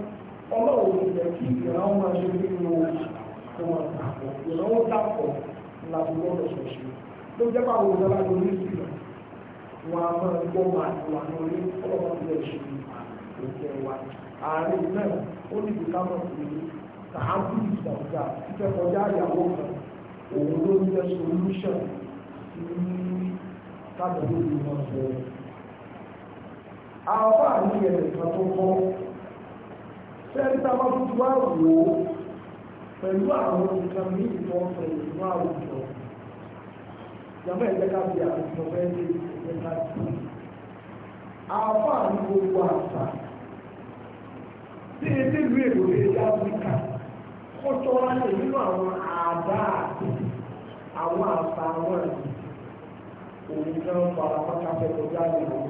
ọlọ́run ìjẹ́ kí ìrànwọ́ máa ṣe bí mo kọ́ wọn dàpọ̀ ìrànwọ́ dàpọ̀ làbúrò lọ́sọ̀ọ̀ṣẹ̀ ló jẹ́ bá wọn lọ́la lórí ìsìlẹ̀ wọn a máa gbọ́ wà lórí ọlọ́run ìjẹ́ ìṣèlú òkè wa ààrẹ náà ó ní ìdíkà mọ̀ sí i tààbù ìgbàgbà fífẹ́ kọjá ìyàwó kan òun ló ń jẹ́ solution sí kábẹ̀lú ìmọ̀ ìbẹ̀rẹ̀ àwọn àmì ẹ̀rẹ̀ kan tó kọ́ sẹ́ńtà bá tún wá wò ó pẹ̀lú àwọn nǹkan ní ìtọ́ pẹ̀lú àwùjọ ìjàmbá ìjẹ́ká bí àwùjọ bẹ́ẹ̀ ní ìjẹ́ká sí àwọn àmì gbogbo àṣà tí etí ìlú èkó lè àwọn àtàwọn ẹ̀mí òun kan farapátá fẹ́kọjá nìyàwó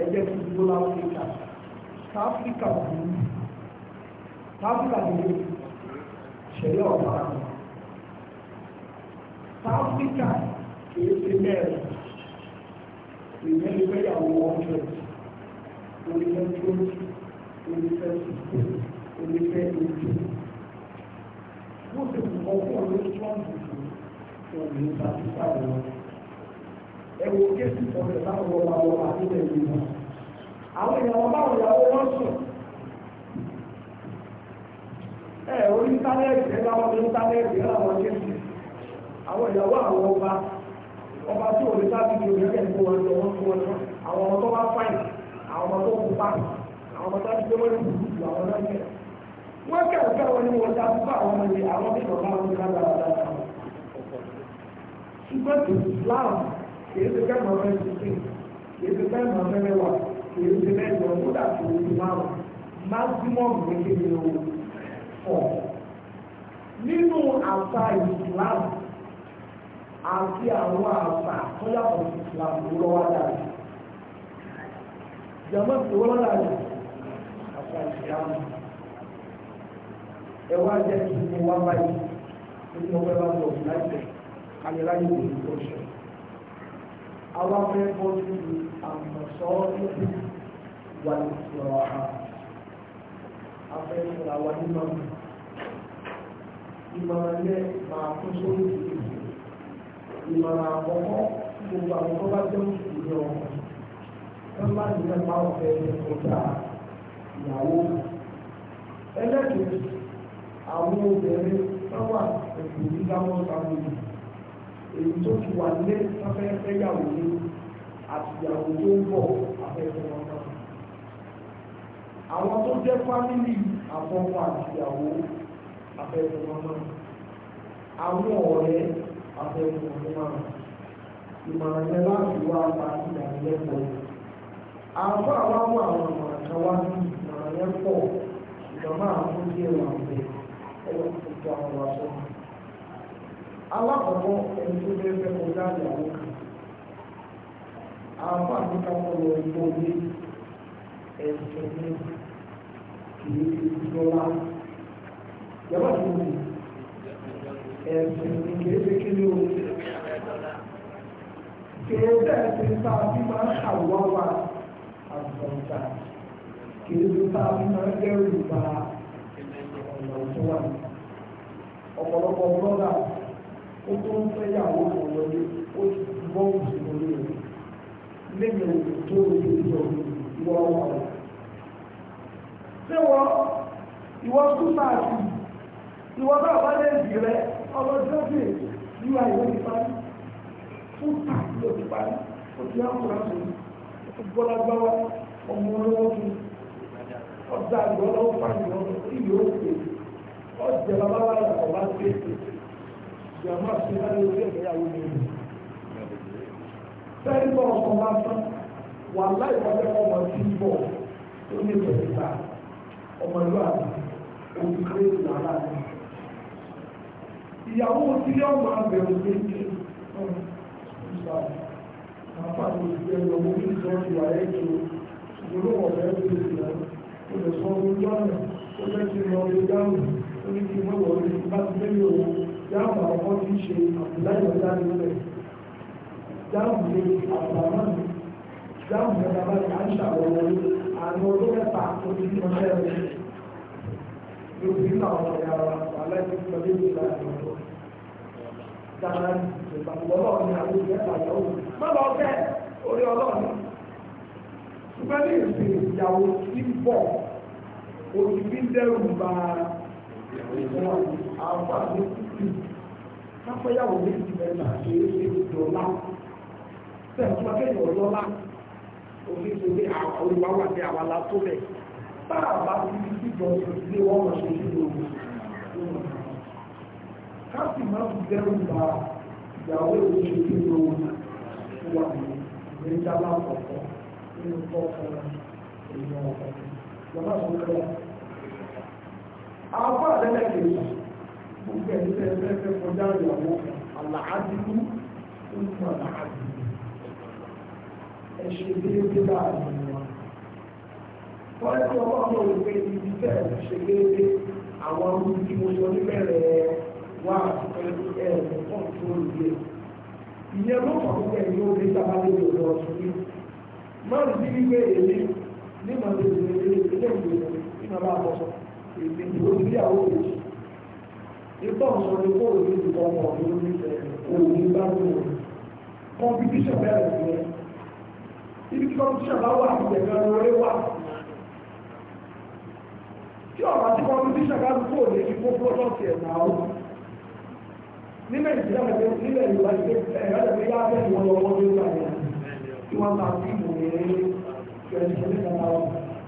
ẹgbẹ́ tó dúró láfíríkà káfíríkà dúró káfíríkà dúró ṣẹlẹ̀ ọ̀pá káfíríkà kìí ṣe mẹ́rin ìyẹn ló fẹ́ yàwó ọ̀jọ̀ onífẹ́ tó onífẹ́ tó onífẹ́ tó wọ́n ti kù ọkọ̀ ló strong jù òní ìtàkùkà wọn. ẹ wo kéésì sọ̀rọ̀ láwọn ọba ọba nílẹ̀ yìí náà. àwọn èèyàn ọba òyàwó wọn sùn. ẹ orí íńtánẹ́ẹ̀tì ẹ láwọn orí íńtánẹ́ẹ̀tì ẹ láwọn kéésì. àwọn ìyàwó àwọn ọba ọba tí òní sábì ní orí ẹ̀kọ́ wọn lọ wọn fún wọn náà àwọn ọmọ tó bá fáìn àwọn ọmọ tó kú fáìn àwọn ọmọ tó ti gbé wọn ní kùkù àwọn náà wọ́n kẹ́kẹ́ wọn ni wọ́n ta fún àwọn ọmọ yìí àwọn bí bàbá wọn ká dára dára. ṣùgbọ́n tó Islam kìí ṣe kẹ́ màmá ẹni sí kìí ṣe kẹ́ màmá ẹni wà kìí ṣe mẹ́jọ kódà tó ti máa maximum méjèèjì ló fọ̀. nínú àṣà Islam àti àwọn àṣà tó yàtọ̀ sí Islam ló lọ́wọ́ dára. jàmbá tó wọ́n dára àṣà Islam ẹ wá jẹ́ kí n wá báyìí nínú ọgbẹ́ bá lọ láìpẹ́ kálí láyé kò ní kọ́ ṣe. àwa fẹ́ bọ́ sí àmọ̀sọ́ lórí wà ní ìṣòro àhà afẹ́ ìṣòro àwa nínú ọ̀nà ìmọ̀ràn yẹn máa kó sórí ìdílé ìmọ̀ràn àkọ́kọ́ gbogbo àwọn tó bá jẹ́ òṣèlú ọ̀hún wọ́n máa ń yẹ máa ń fẹ́ ọjà ìyàwó ẹlẹ́kẹ̀ẹ́ àwọn obìnrin sáwà ẹ̀kọ́ ìdáwọ́ èyí tó ti wà lé sáfẹ́fẹ́ yàwó ní àtìyàwó tó ń bọ̀ afẹ́fẹ́ wọn náà àwọn tó jẹ́ fámìlì àfọwọ́ àtìyàwó afẹ́fẹ́ wọn náà àwọn ọ̀rẹ́ afẹ́fẹ́ wọn náà ìmọ̀ràn yẹn láti wá pa ìdánilẹ́kọ̀ọ́ àwọn àwọn àwọn ẹ̀rọ ti tó àwọn ọ̀rọ̀ aṣọ. alákọ̀ọ́kọ́ ẹni tó bẹ́ẹ̀ fẹ́ kọjá ìyàwó kan àwọn àdúgbò lọ ẹgbẹ́ omi ẹ̀sìn ní kìí fi dọ́là yàrá tó ní ẹ̀sìn ní kìí fi kí ni o kìí bẹ́ẹ̀ ti ta bí máa ṣàwọ́ wa àtúntà kìí fi ta bí máa dẹ́rù bá a ìyàwó ọ̀pọ̀lọpọ̀ bọ́lá ó tó ń fẹ́ yàwó ó ti bọ́ òsì lórí rẹ̀ lẹ́yìn tó lórí ìjọ ìwọ ọmọ rẹ̀ sẹ́wọ́ ìwọ súnmọ́ àti ìwọ náà bá lè dì rẹ ọlọ́jọ́ bè yíwa ìwé ti parí fún tàbí ló ti parí ó ti hàn kúrò àti ìgbọ́lágbáwá ọmọ olówó fún ọjà ìwọ́lọ́wọ́ fáìlì ọ̀rọ̀ ìlú òkè ọ̀jẹ̀ bàbá wa yà kọ̀ bá dé ìyàwó àti ìyàwó orí ìgbéyàwó ni ìlú. Fẹ́ẹ́ bọ̀ ọkọ̀ bá tán wà láì wọlé ọmọ tí ń bọ̀ tó ní ìbẹ̀rẹ̀ gbà ọmọ ìlú àti olùkọ́ èdè nàlá ni. Ìyàwó tí yọ ọmọ abẹ̀rù méjì náà àpá àwọn òṣìṣẹ́ ìlú ọmọ orí ìṣọ́ ti wà ẹ́jọ ìṣòro ọ̀rẹ́ ìṣòro ìṣòro ìṣòro ìṣòro ìṣòro ìṣòro ìṣòro ní kí wọ́n wọ̀ ní bá ti lé yòó jáàmù àwọn tí ń ṣe àbúláyọ̀ dání rẹ̀ jáàmù lè àbúlámà jáàmù ẹ̀dá bá ti à ń ṣàwọ̀wọ̀ àwọn olóòpẹ̀ta ojú ti ọjọ́ rẹ̀ yóò fi náà wọ̀ ya wa wàhálà ìdí ìjọba ìlú ìlà ìjọba dáná ìjọba ọlọ́ọ̀ni àwọn ìjọba ìyàwó má lọ bẹ́ orí ọlọ́ọ̀ni ṣùgbọ́n ní ìsìn ìyàwó tí ń bọ̀ òtún bí dẹ́rù bá àwọn àgbẹ̀kùn kápẹ́yàwó méjì mẹ́ta ṣe é ṣe ìjọba tẹ̀sán akẹ́yìn ọlọ́lá òfin ṣe pé olùwà wà ní àwọn alátó bẹ̀ bá àbá ti fi síjọ ilé wọn mọ̀ ṣe sí lóògùn káàsì máa fi bẹ́rù bá ìyàwó ìlú ṣe sí lóògùn wà ní ìgbéjábá ọ̀pọ̀ nínú tọ́kọ̀ èèyàn ọ̀pọ̀ àwọn àlẹ́lẹ́ kejì ṣe déédéé láàrin wọn. wọ́n ti ọwọ́ ọmọ òwe ibi tẹ́ ẹ̀ ṣe déédéé àwọn ohun tí mo sọ níbẹ̀rẹ̀ wà ẹ̀ pọ̀ tó lè. ìyẹn ló fà fún ẹ̀yìn omi èmi ni oníyàwó rẹ̀ nígbà ọ̀sán ni kó òní ti kọ́ ọmọ mi lórí òní bá ní òní kọ́mpítíṣàn bẹ̀rẹ̀ sí ẹ ibi tí kọ́mpítíṣàn bá wà ní ẹ̀ka lórí wà tí ọ̀rọ̀ àti kọ́mpítíṣàn bá kó òní ti kó pọ́lọ́ọ̀tì ẹ̀ náà ní nàìjíríà lẹ́gbẹ̀ẹ́ nílẹ̀ yorùbá ṣe ẹ̀rọ ẹ̀rọ yá bẹ́ẹ̀ wọ́n lọ́wọ́ ní ìgbà yẹn tí wọ́n ta sí ìmọ̀ ní ẹ̀rọ ìṣẹ̀lẹ̀ kan náà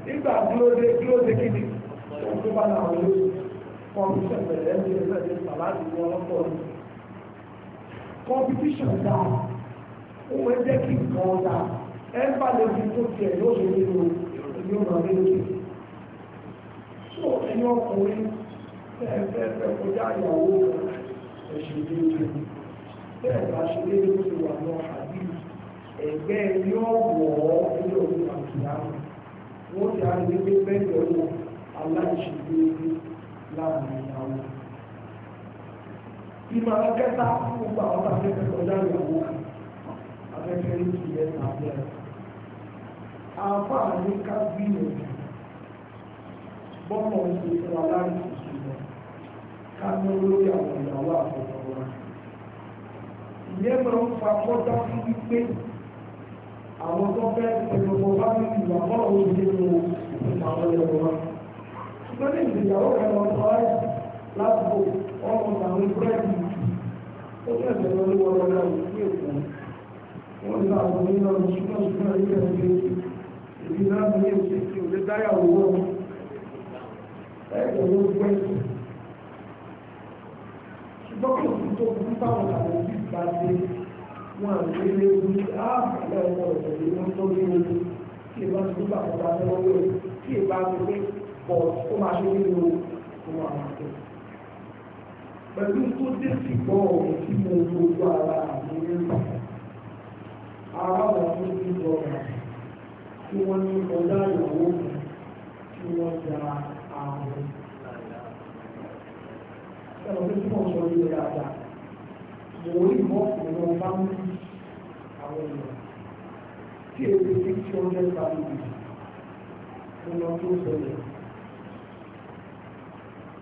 nígbà dúró dé dúró dé tó bá náà ló kọmpútà bẹ̀rẹ̀ ní ẹgbẹ́ ní sàláàdì ní ọlọ́pọ̀ ní. kọmpútíṣàn dá ó é jẹ́ kí É dá ẹ bá lè é? tó é? yóò é? nínú yóò máa é, é, é ẹni ọkùnrin fẹ́ẹ̀fẹ́ẹ̀fẹ́ kọjá ìyàwó é déédéé bẹ́ẹ̀ bá É déédéé tó wà ní ọ̀hádì ẹgbẹ́ É wọ̀ ọ́ ilé òun àti ìyá wọn ti á lè gbé bẹ́ẹ̀ aláìṣedéédé láàrin ìyàwó ìmọ̀ akẹ́ta gbogbo àwọn afẹ́fẹ́ kọjá ìyàwó afẹ́fẹ́ ìtì ẹ̀ tàbí ẹ̀ àfáà ní ká gbìyànjú bọ́ọ̀mọ̀ ìṣe ìṣẹ̀lẹ̀ aláìṣedéédé lọ ká ní olórí àwọn ìyàwó àfẹ́fẹ́ wa ìyẹn máa ń fa kọjá sí wípé àwọn tó fẹ́ ìṣẹ̀lẹ̀ ọmọ bá ní ìwà bọ́ọ̀lù ìṣẹ̀lẹ̀ ọmọ ìṣẹ̀lẹ̀ ọmọ lórí ìgbéyàwó ẹ̀rọ ọ̀rẹ́ lágbo ọmọ àwọn búrẹ́dì ó ní ẹ̀jẹ̀ lórí wọlé náà sí èkó wọ́n ní àwọn onílọ ìṣúná ìṣúná ilé ẹ̀jẹ̀ ìdí náà ní èsì tí o lè dáyà owó ẹ̀jẹ̀ ló gbé ṣùgbọ́n kò sí tó kú táwọn àwọn òbí bá dé wọn à ń gbé léwu áàbùlẹ̀ ọmọ ìṣẹ̀lẹ̀ wọn tó léwu kí ìbá tó bá tó bá tó kí ìbá tó lé pọ̀ ó máa ṣe nínú ohun àmàtẹ́. Pẹ̀lú tó dé sí gbọ́ ohun tí mo gbogbo ara mi ní ìgbà. Ara wọn tó ti gbọ́ ọ̀rọ̀ tí wọ́n ní ọjà ìyàwó mi tí wọ́n ja ààrùn. Ẹ̀rọ tó túmọ̀ sọ ní ilé àjà. Mo rí mọ́ọ̀kì wọn bá ń bí àwọn ènìyàn. Tí èdè tí ó jẹ́ sábìlì, mo lọ tó sọ̀rọ̀.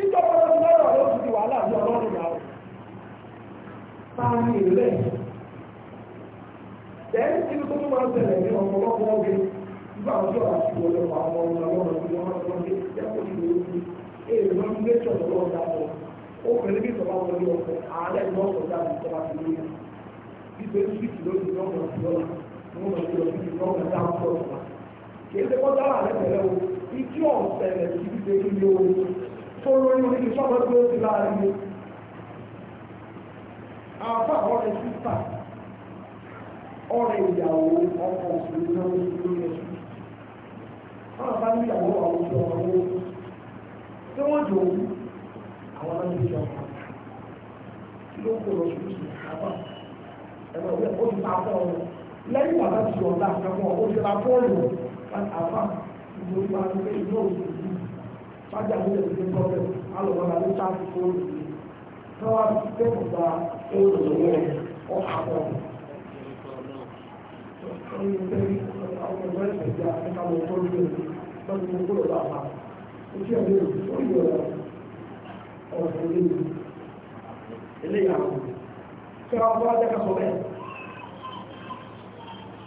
títọ́pọ̀ ló ti lọ́rọ̀ ló ti di wàhálà ní ọlọ́run ìyàwó sáàmì ìrẹ́lẹ̀ tẹ́lẹ̀ tí tó tún máa ń tẹ̀lẹ̀ ní ọ̀pọ̀lọpọ̀ ọ̀gbẹ́ nígbà ọjọ́ àti ìwọlọ́pọ̀ àwọn ọmọ ọlọ́run tí wọ́n máa ń tọ́jú yàtọ̀ sí ìwé èèyàn ló ń gbé ṣọ̀tọ̀ lọ́wọ́ dáadọ́ ó pẹ̀lú bí ìtọ́ba wọlé ọkọ̀ ààrẹ lọ́sọ̀ dáadọ́ ìtọ́ba ti lé yẹn gbígbé síìtì lórí lọ́wọ́ ti lọ́la wọ́n máa ti lọ sí ìtọ́ba dáadọ́ sọ̀rọ̀ kì í ṣe kọ́ dára rẹ̀ tẹ̀lé o ìjọ ọ̀sẹ̀ rẹ̀ ti gbígbé ilé o tó lórí orí ìṣọ́gbọ́n tó ti láàrin àbá ọ̀rẹ́ sísà ọ̀rẹ́ ìyàwó ọkọ òṣèlú náà ló ti lórí ẹ̀sùn wọn bá ní ìyàwó àwùjọ ọ̀rọ̀ tí wọ́n jò ó àwọn náà ti jọ kí ló kó lọ sí oṣù àbá ẹ̀rọ ìwé ó ti ta fọ́ ọ lẹ́yìn wàhálà ti ọ̀la àkàkọ́ ó ti ra fọ́ọ̀lù àbá ìgbòho àti ìgbòho fájà ní ẹ̀rọ pọ́pẹ́ alùpùpù ní sáàtì fóònù káwá tẹ́kù gba fóònù lọ́wọ́ ọ̀hà bọ̀. Oye tẹ́lí àwọn ọ̀gá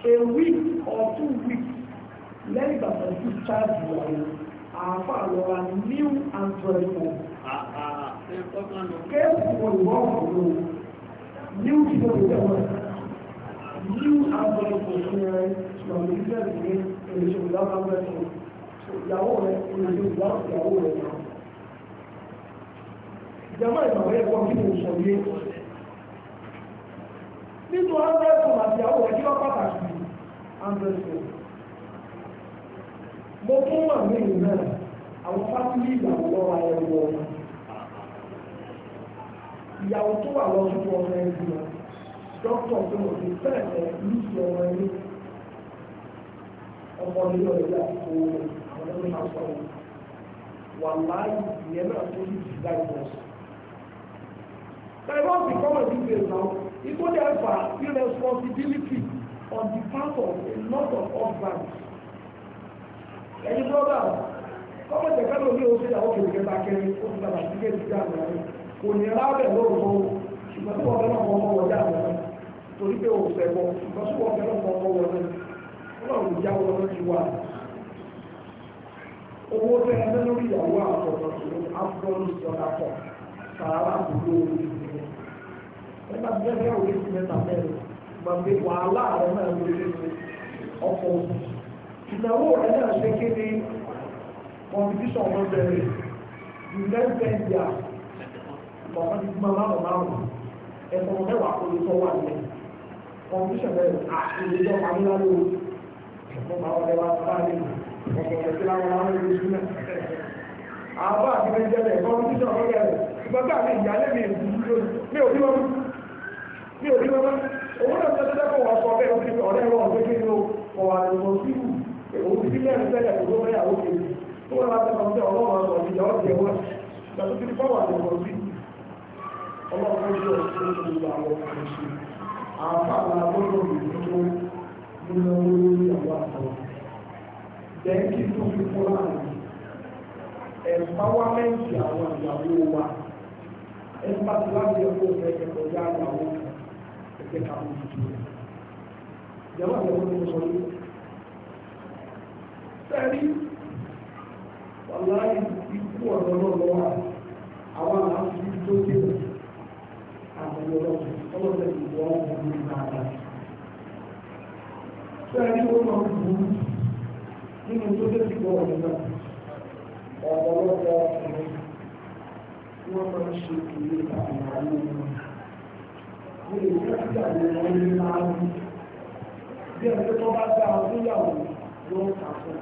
A week or two weeks lẹ́yìn ìgbà tó ti ṣáàjì wáyé àáfà lọ́ra new and twenty-four. kéèkù òyìnbó ọ̀hún new ìjọ ìjọba new and twenty-four fún ẹ ṣùgbọ́n ìjọba ìjọba èlé ṣòwò láwọn ọmọ ẹ̀ṣọ́ ìyàwó rẹ̀ èlé ṣòwò láwọn ìyàwó rẹ̀ náà. ìjọba ìgbàgbọ́ yẹ kó kí mo sọ yé. nínú ọ̀rọ̀ ẹ̀kọ́ àti ìyàwó rẹ̀ kí wọ́n pàtàkì and twenty mo tún wà lẹ́yìn náà àwọn fásitì ìyàwó lọ́wọ́ ayẹwo ọmọ ìyàwó tó wà lọ́sùn fún ọmọ ẹbí wọn dókítà tó wọ́n ti fẹ́ẹ̀fẹ́ lùsì ọmọ ẹbí ọmọ nílò ẹ̀yà àkókò àwọn ẹgbẹ́ máa sọ wọn wà láàyè ìyẹn náà tó ti jì láì lọ sí. Taiwan become a big place now. Igbo therefore irresponsibility on the part of a lot of husbands ẹni bọ́ọ̀bà ọmọ ìjẹ̀kẹ́ lómi oṣù ìyàwó kìrìkẹ́ bá kẹrin ó ti bàbá sí kéèkì sí àwọn ọ̀rẹ́ kò ní rábẹ̀ lóòótọ́ ṣùgbọ́n tí wọ́n fẹ́ náà kọ́kọ́ wọlé torí pé òun fẹ́ bọ́ ṣùgbọ́n tí wọ́n fẹ́ ìjà ti wà owó ìnáwó rẹ̀ náà ṣe kéde competition ló bẹ̀rẹ̀ ìlẹ́gbẹ̀ẹ́dìá ọ̀kan ti gbọ́n márùn márùn ẹ̀sùn mẹ́wàá kò lè sọ wà ní competition bẹ̀rẹ̀ àìlèjọ́ pàmíláró ẹ̀fọ́ máa wọlé wá sáré ọ̀pọ̀ ẹ̀sìn láwọn aráàlú ìlú náà àwọn àgbẹ̀jẹ̀lẹ̀ competition ló bẹ̀rẹ̀ ṣùgbọ́n káàmì ìyálé mi mi ò bímọ mi ò bímọ owó náà tẹ́tẹ́tẹ́ kò wá sọ bẹ́ẹ̀ ó ti ọ̀rẹ́ rọ̀ ọ̀gbẹ́gbẹ́ ló kọ̀ wà lọ́sọ̀ọ́sì òun ti lé ẹ̀rù tẹ́lẹ̀ tó lọ́wọ́ yàwó kejì tó wọ́n láti ọmọdé ọlọ́wọ́ ọ̀rọ̀ ìyá ọ̀jẹ̀ wọn lọ́tọ́ ti fọ́wọ́ àti ọ̀rọ̀ sí ọlọ́wọ́ ìyá ọ̀jẹ̀ tó lọ́wọ́ àwọn ọ̀rọ̀ àfa làbọ́dọ̀ ìdúró nínú lórí àwọn àtàwọn sẹ́rí wàláyé ikú ọ̀dọ́ lọ́wọ́ àwọn àti tó dé ó àwọn àwọn ọmọ ọmọ ilé máa ń bí ẹgbẹ́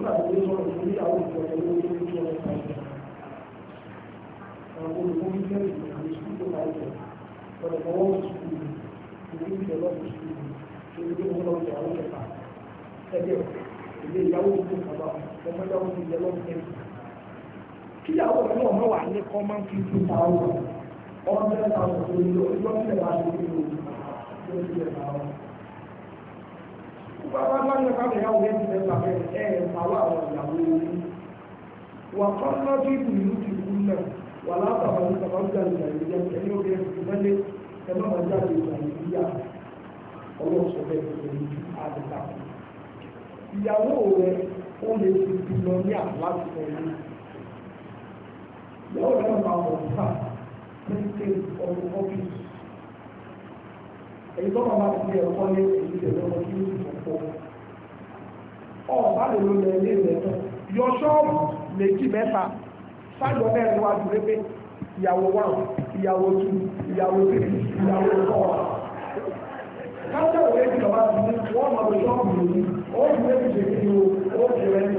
kódà tó ní sọ̀rọ̀ ní kẹ́rì máa jẹ lọ́dọ̀ fọwọ́ sùkúl ìlú ìjọ lọ́dọ̀ sùkúl tó ní owó lọ́dọ̀ jẹ àwọn ìjọba ẹgbẹ́ ilé ìyàwó ìlú ìjọba ọmọ ìyàwó ìjọba lọ́dọ̀ kẹ́rì kíyàwó ẹ̀rọ ọmọ wà ní common fifty thousand ọmọ mẹ́ta ọ̀sán ìlú ìjọba ìjọba bàbá bá ní ọ̀gá ìyàwó yẹn ti fẹ́ bàbá ẹ̀ ẹ̀ pàwọ́ àwọn ìyàwó orí wà kọ́ lọ́dún ìlú ti kú náà wà látàwọn ìtàkọ́ gbà ìyà ìyà ẹni orí ẹni ti mẹ́lẹ̀ ẹ má wàá jáde ìyà ìyà ọlọ́run sọ bẹ́ẹ̀ tó ní àdìgbà ìyàwó rẹ ó lè fi ti lọ ní àláṣẹ rẹ ìyàwó rẹ èyí tó bàbá ti ẹ̀rọ kọ́lé èyí tẹ̀ lọ́wọ́ kí ó sì pọ̀ ọ̀bá lè lo ilẹ̀ ilé rẹ̀ tán yọ ṣọ́ọ̀bù méjì mẹ́ta sájọ mẹ́rin wájú pépé ìyàwó one ìyàwó two ìyàwó three ìyàwó four kájọ òwe ti bàbá ti ní wọ́n máa lo ṣọ́ọ̀bù lòdì ó fi méjì ṣe kí o ó fi rẹ̀ ní.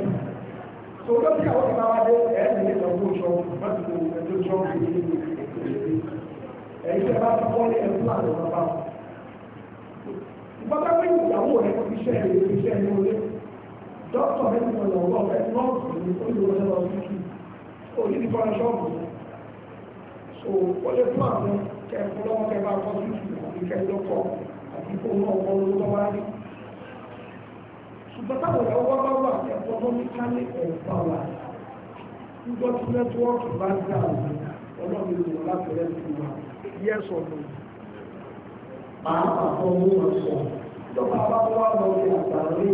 tó ló ti àwọn ìgbà wájú ẹ̀ẹ́dì ní ìtọ́jú ṣọ́ọ̀bù má ti lo ẹjọ́ ṣọ́ọ̀bù lòdì ẹ̀yìn tẹ́ bá ti kọ́lé ẹ̀ bàbá pé ìyàwó rẹ̀ kò fi ṣẹ́ ẹ̀ lè fi ṣẹ́ ẹ̀ lórí dókítà rẹ̀ ti sọ̀rọ̀ ọ̀rọ̀ rẹ̀ nọ́ọ̀sì ní olùwọ́sẹ̀ lọ sí kí òní ti fọ́nà ṣọ́ọ̀bù so ó lè fún àwọn kẹfún lọ́wọ́ kẹ bá kọ́ sí kí àti kẹ lọ́kọ̀ àti kó náà kọ́ ló lọ́wọ́ rí ṣùgbọ́n táwọn ìyàwó wá bá wà ẹ̀kọ́ tó ní kálí ẹ̀fà wà nígbà tí nẹ́tíwọ́ọ̀kì bá dà ọlọ́run ìlú láti rẹ̀ sí wa yẹ́sọ̀nù pàápàá tó ń wọ́n tó bá bá wà lórí àtàrí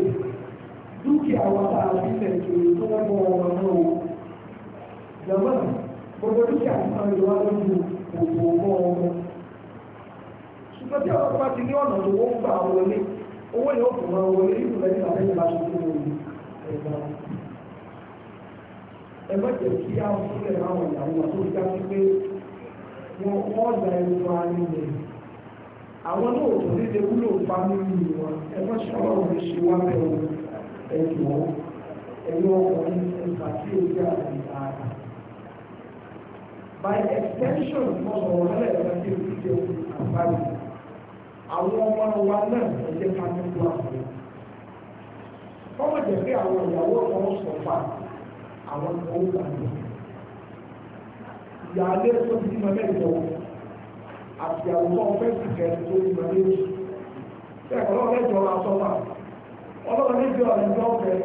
dúkìá wa tá a fi lè tó tó wọ́n bọ̀ wọn náà o. Jọ̀wọ́ gbogbo dúkìá náà yọ lójú òkú ọmọ ọmọ. Ṣùgbọ́n tí àwọn bá ti ní ọ̀nà tó wọ́n gbà wọlé, owó yóò kò máa wọlé ìlú lẹ́yìn àtẹ́yìn bá ṣe fún òun. Ẹ má jẹ́ kí á sílẹ̀ láwọn ìyàwó àti òṣìṣẹ́ pé wọ́n ọ̀dà ara rẹ̀ àwọn náà tó ní ṣe wúlò fámìlì wọn ẹgbẹ́ sọ̀rọ̀ ní ṣe wá bẹ̀rù ẹ̀jọ̀ ẹ̀yọ ọkùnrin ẹ̀ka tí ó jẹ́ àgbà by extension mo sọ̀rọ̀ lọ́lẹ̀ ẹ̀ka tí ó jẹ́ àgbáyé àwọn ọmọ wa náà ẹ̀jẹ̀ fámìlì wa sọ̀rọ̀ kọ́mọ̀ jẹ́ pé àwọn ìyàwó ọ̀kan sọ̀fà àwọn ọmọ òun àgbà ìyá alẹ́ tó ti mọ mẹ́rin lọ́wọ́ àti àwùjọ fẹ́ẹ̀sì kẹrin tó ní ìgbàlẹ́ jù bẹ́ẹ̀ kọ́ lọ́wọ́ lẹ́jọ́ ọ̀la sọ́mà ọlọ́run lẹ́jọ́ ọ̀la ẹ̀jọ́ ọ̀fẹ́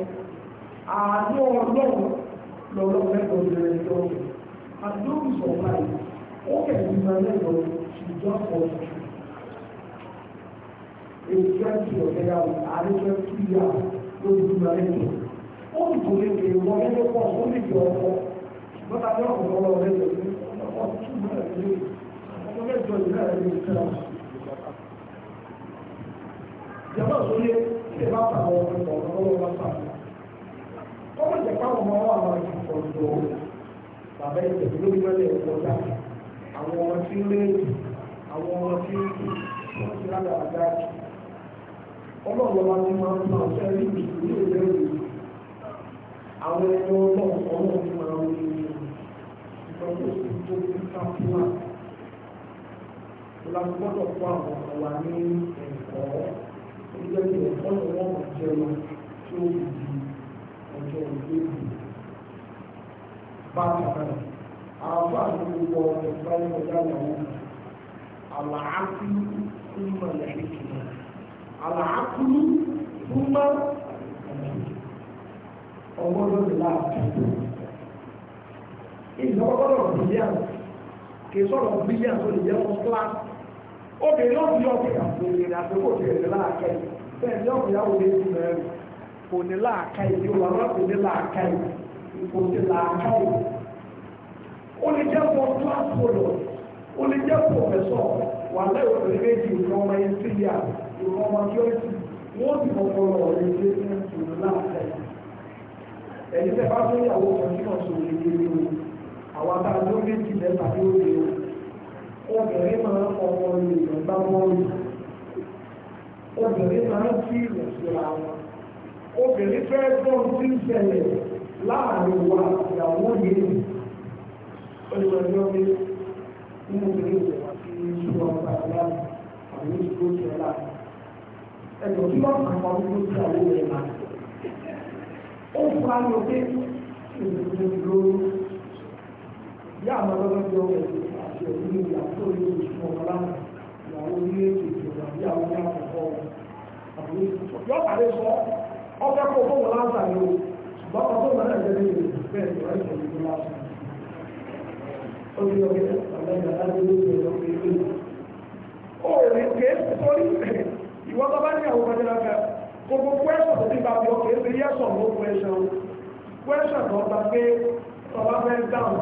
àánú ọlọ́run lọ́wọ́ lẹ́jọ́ ọ̀la ẹ̀jọ́ ọ̀fẹ́ and no be surprised ó kẹ̀lé ìgbàlẹ́ lọ ṣùgbọ́n ọ̀la èyí twenty ọ̀gẹ́dà àárín twenty years lórí ìgbàlẹ́ lọ ó ti kò lè pè wọ́n lẹ́jọ́ pọ̀ ó lè jọ ọkọ̀ ṣùgbọ́n mẹ́jọ ìlà ẹ̀rí ìtura. Ìjọba òṣèlú ilé bá ta àwọn ọmọ ìgbà ọ̀dọ́ bá ta. Wọ́n mọ̀ jẹ́ káwọn ọmọ wa máa ti pọ̀ jọ bàbá ìtẹ̀sí lórí mẹ́lẹ̀ ìkọjá. Àwọn ọmọ tí ń léèrè, àwọn ọmọ tí ń kì, wọ́n ti lága àga. Ọlọ́run wa ti máa ń fa ọ̀sẹ̀ rí ìdílé ìlérè. Àwọn ẹni ọlọ́run ọlọ́run ti máa ń wí ìtọ́jú tó ń ká fún wa la gbọ́dọ̀ fún àwọn ọmọ wa ní ẹ̀kọ́ nígbà tí ẹ̀kọ́ ni wọ́n mọ̀ jẹ́ wọn tí ó fi di ọjọ́ ìgbé ìlú. Bákan náà, àwọn àdúgbò wọ ẹ̀fọ́ ní ọjà ìyàwó àlàákúlú fún mọ̀lẹ́ ìkìlọ̀. Àlàákúlú fún mọ̀ ọwọ́ lórí láàbù. Ìjọba gbọ́dọ̀ bílíọ̀nù kì í sọ̀rọ̀ bílíọ̀nù tó lè jẹ́ wọn kíláàsì obìnrin náà bí ọ̀gbìn àgbèrè àgbèrè òkèèrè láàkẹ́ yìí bẹ́ẹ̀ ni ọ̀gbìn àwọn olè ti mẹ́rin kò ní láàkẹ́ yìí wà wá kò ní láàkẹ́ yìí kò ní láàkẹ́ yìí. ó lè jẹ́ fún class follow ó lè jẹ́ professor wà lẹ́yìn obìnrin méjì ìfọ̀n ọmọ yẹn sí yà ìfọ̀n ọmọ tí ó ti wọ́n ti kọ̀kọ́ lọ ọ̀rẹ́ ilé ní ìlú láàkẹ́ yìí. ẹ̀yin tẹ́ bá fẹ́ yàwó kan tí wọ́n sọ obìnrin máa ń fọwọ́ lu ìjọba wọ́ọ̀lù obìnrin máa ń fi ìlú síra wọn obìnrin fẹ́ gbọ́n tí ń ṣẹlẹ̀ láàrin wa ìyàwó yìí olùwẹ̀lẹ́ omi nínú obìnrin ìwé àti ìṣú ọgbà ìyá àbí ìṣúró ti ọ̀la ẹ̀dọ̀ tí wọ́n kàn wọ́n tó ti àwọn ìwé náà ó fura ní oge ìdòdó ìdòdó yá àmọ́ lọ́dọ́ tí ó wẹ̀ sí àti ẹ̀mí ìyàtọ̀ ilé ìṣúná ọ̀la ìyàwó ní àkọ́kọ́ ìjọba ní ilé ìlú. ó ìwọ́n tó bá ní àwọn ọmọdé gbogbo kwẹ́sọ̀ tó ti bá bí ọkẹ́ ṣe yẹ́sọ̀ ló kwẹ́sọ̀ kwẹ́sọ̀ tó bá gbé ọba fẹ́ dáhùn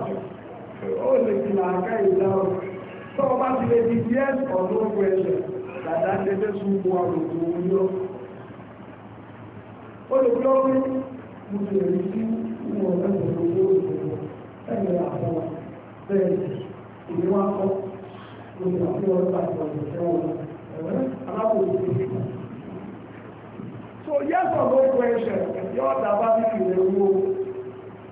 ó lè fi làákà ìdáhùn tó o bá ti lè di yes or no question dàdá ṣe fẹ́ sún mọ́ àròkò oyọ́ ó lè fi lọ́wọ́ mo ti rẹ̀ sí ìwọ̀n ọ̀rẹ́ ìgbòho ìgbòho ẹ̀rọ àbọ̀wà bẹ́ẹ̀ ìwọ̀n akọ́ lórí àti ọ̀rẹ́ àti so yes or no question yóò dábàá bí kìlẹ̀ owó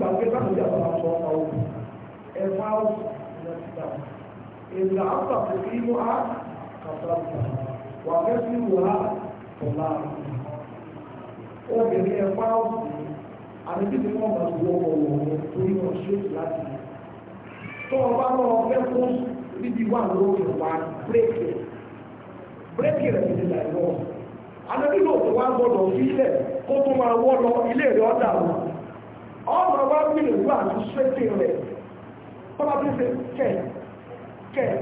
ìgbà pé káwọn ìjà máa sọ ọmọ òkú ẹ̀fọn àwọn ìjọba ìlà àpapọ̀ kí inú á kàtà wà fẹ́sí wà tọ̀lá obìnrin ẹ̀fọn àwọn àti bí wọ́n bá wọ́ ọ̀wọ̀ torí wọn ṣe láti tó o bá lọ fẹ́ fún bíbí wà lórí wa bírèkì bírèkì rẹ̀ ti dìlà ẹ̀rọ àti bí lóòótọ́ wa gbọ́dọ̀ sílẹ̀ kó tó máa wọ́ lọ ilé ìrẹ́ ọ̀dà wọn. ọmọ wa mílò wà ní sẹ́tì rẹ̀ tó bá tún ṣe kẹ̀ kẹ̀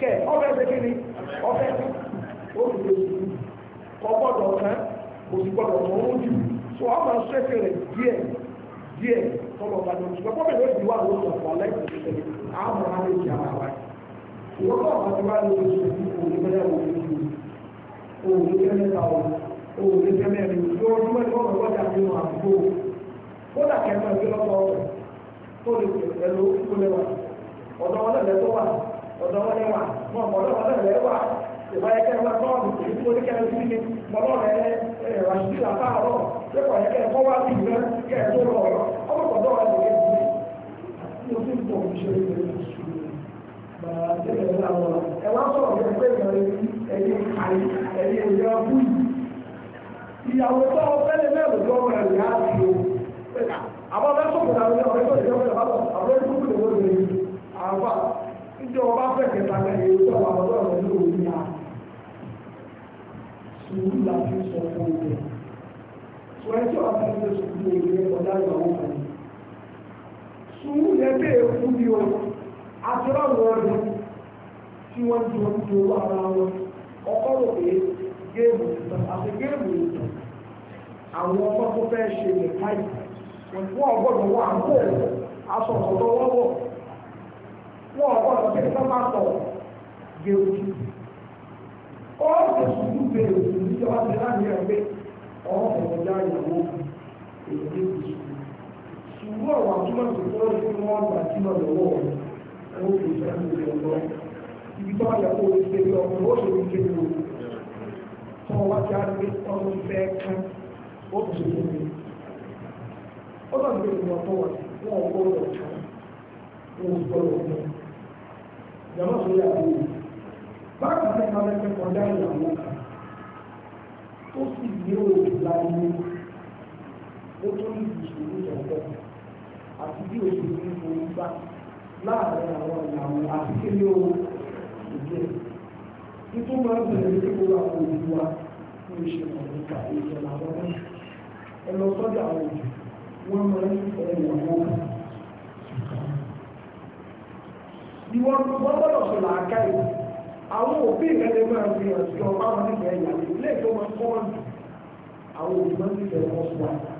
kẹ̀ ọbẹ̀ ṣe kíni ọbẹ̀ olùdó kọ gbọ́dọ̀ kan kò sì gbọ́dọ̀ tó ń jù tó ọmọ sẹ́tì rẹ̀ díẹ̀ díẹ̀ tọ́lọ̀ bá lóṣù lọ́pọ̀ mi lóṣù wà lóṣù ọ̀pọ̀ aláìsí ìṣẹ̀lẹ̀ àwọn ará ìjà wa ìwọ́n náà wọ́n ti wá lóṣù òun bẹ́ẹ̀ òun òun bẹ́ẹ̀ mẹ́ta òun òun bẹ́ẹ̀ mẹ́rin yóò dúró ní wọ́n lọ́jà kódà kẹfà ìgbé lọ́wọ́ ọ̀rọ̀ tó lè pè pẹ̀lú kó lè wà wọn lẹ̀ tó wà ọ̀dọ̀ wọn lè mọ ọ̀dọ̀ wọn lẹ̀ wà ìbáyẹ kẹ́ wá bọ́ọ̀lù èyí tó ní kẹ́ sí ni mọ̀lọ́rẹ̀ ẹ̀ ràṣí làbáàrọ̀ lẹ́kọ̀ọ́ yẹ kẹ́ kọ́ wá sí ìgbẹ́ kẹ́ tó lọ ọ̀rọ̀ ọmọ ọ̀dọ̀ wọn lè wà ní o ti ń bọ̀ ṣe é lè ṣe bàbá tẹ́lẹ̀ àbá bẹ́ẹ̀ sọ̀kò dàrú ọ̀rẹ́ tó lè jẹ́ àbúrò ìlú kúlè wọ́n lè àbá ìjọ ọba fẹ́ kẹta kẹyẹ tó wà lọ́dọ̀ ọ̀rẹ́ ní òun yá sùúrù la sọ fún ilé sọ ẹ tí ọba ti lè sùúrù lè rí ọjà ìyàwó kan sùúrù yẹn bẹ́ẹ̀ kú bí wọn ọkọ pé géèmù àti géèmù àwọn ọmọ tó fẹ́ ṣe lè káyìí wọ́n gbọ́dọ̀ wọ àbọ̀ aṣọ ọ̀dọ̀ lọ́wọ́ wọ́n gbọ́dọ̀ ṣe sábàtọ̀ gèrèjì ó ṣe sùúrù gèrèjì níjọba ti láti rẹ̀ pé ọ̀hún ọ̀gọ̀dá ìyàwó èyí ti sùúrù ọ̀rọ̀ àtúmọ̀ tó tọ́ sí wọn lọ́wọ́ sẹ́ ibi tó kó o ó bá gbé ìwọ tó wà wọn ò gbọ́dọ̀ tán wọn ò gbọ́dọ̀ mú ìjọba tó yà wọ báàkì tẹ ká lẹsẹ kọjá ìyàwó kan tó sì ní òòlù láyé ó tó ní ìṣòro ìjọba àti bí òṣèlú ní orí bá láàárín àwọn ìyàwó àti kéde owó ìgbé títún máa ń bẹ̀rẹ̀ ní gbogbo àwọn òbí wa ní ìṣẹ̀lẹ̀ nípa ìṣẹ̀lẹ̀ àwọn ẹ lọ sọ́jà àwọn òbí wọ́n máa ń fẹ́ ìyàwó ni wọ́n gbọ́dọ̀ sọ làákà yìí àwọn òbí rẹ̀ lè máa fi hàn sí ọba wọn nífẹ̀ẹ́ ìyàwó ilé ìjọ máa kọ́ ọ́n jù àwọn òbí máa ń nífẹ̀ẹ́ wọn sọ àgbà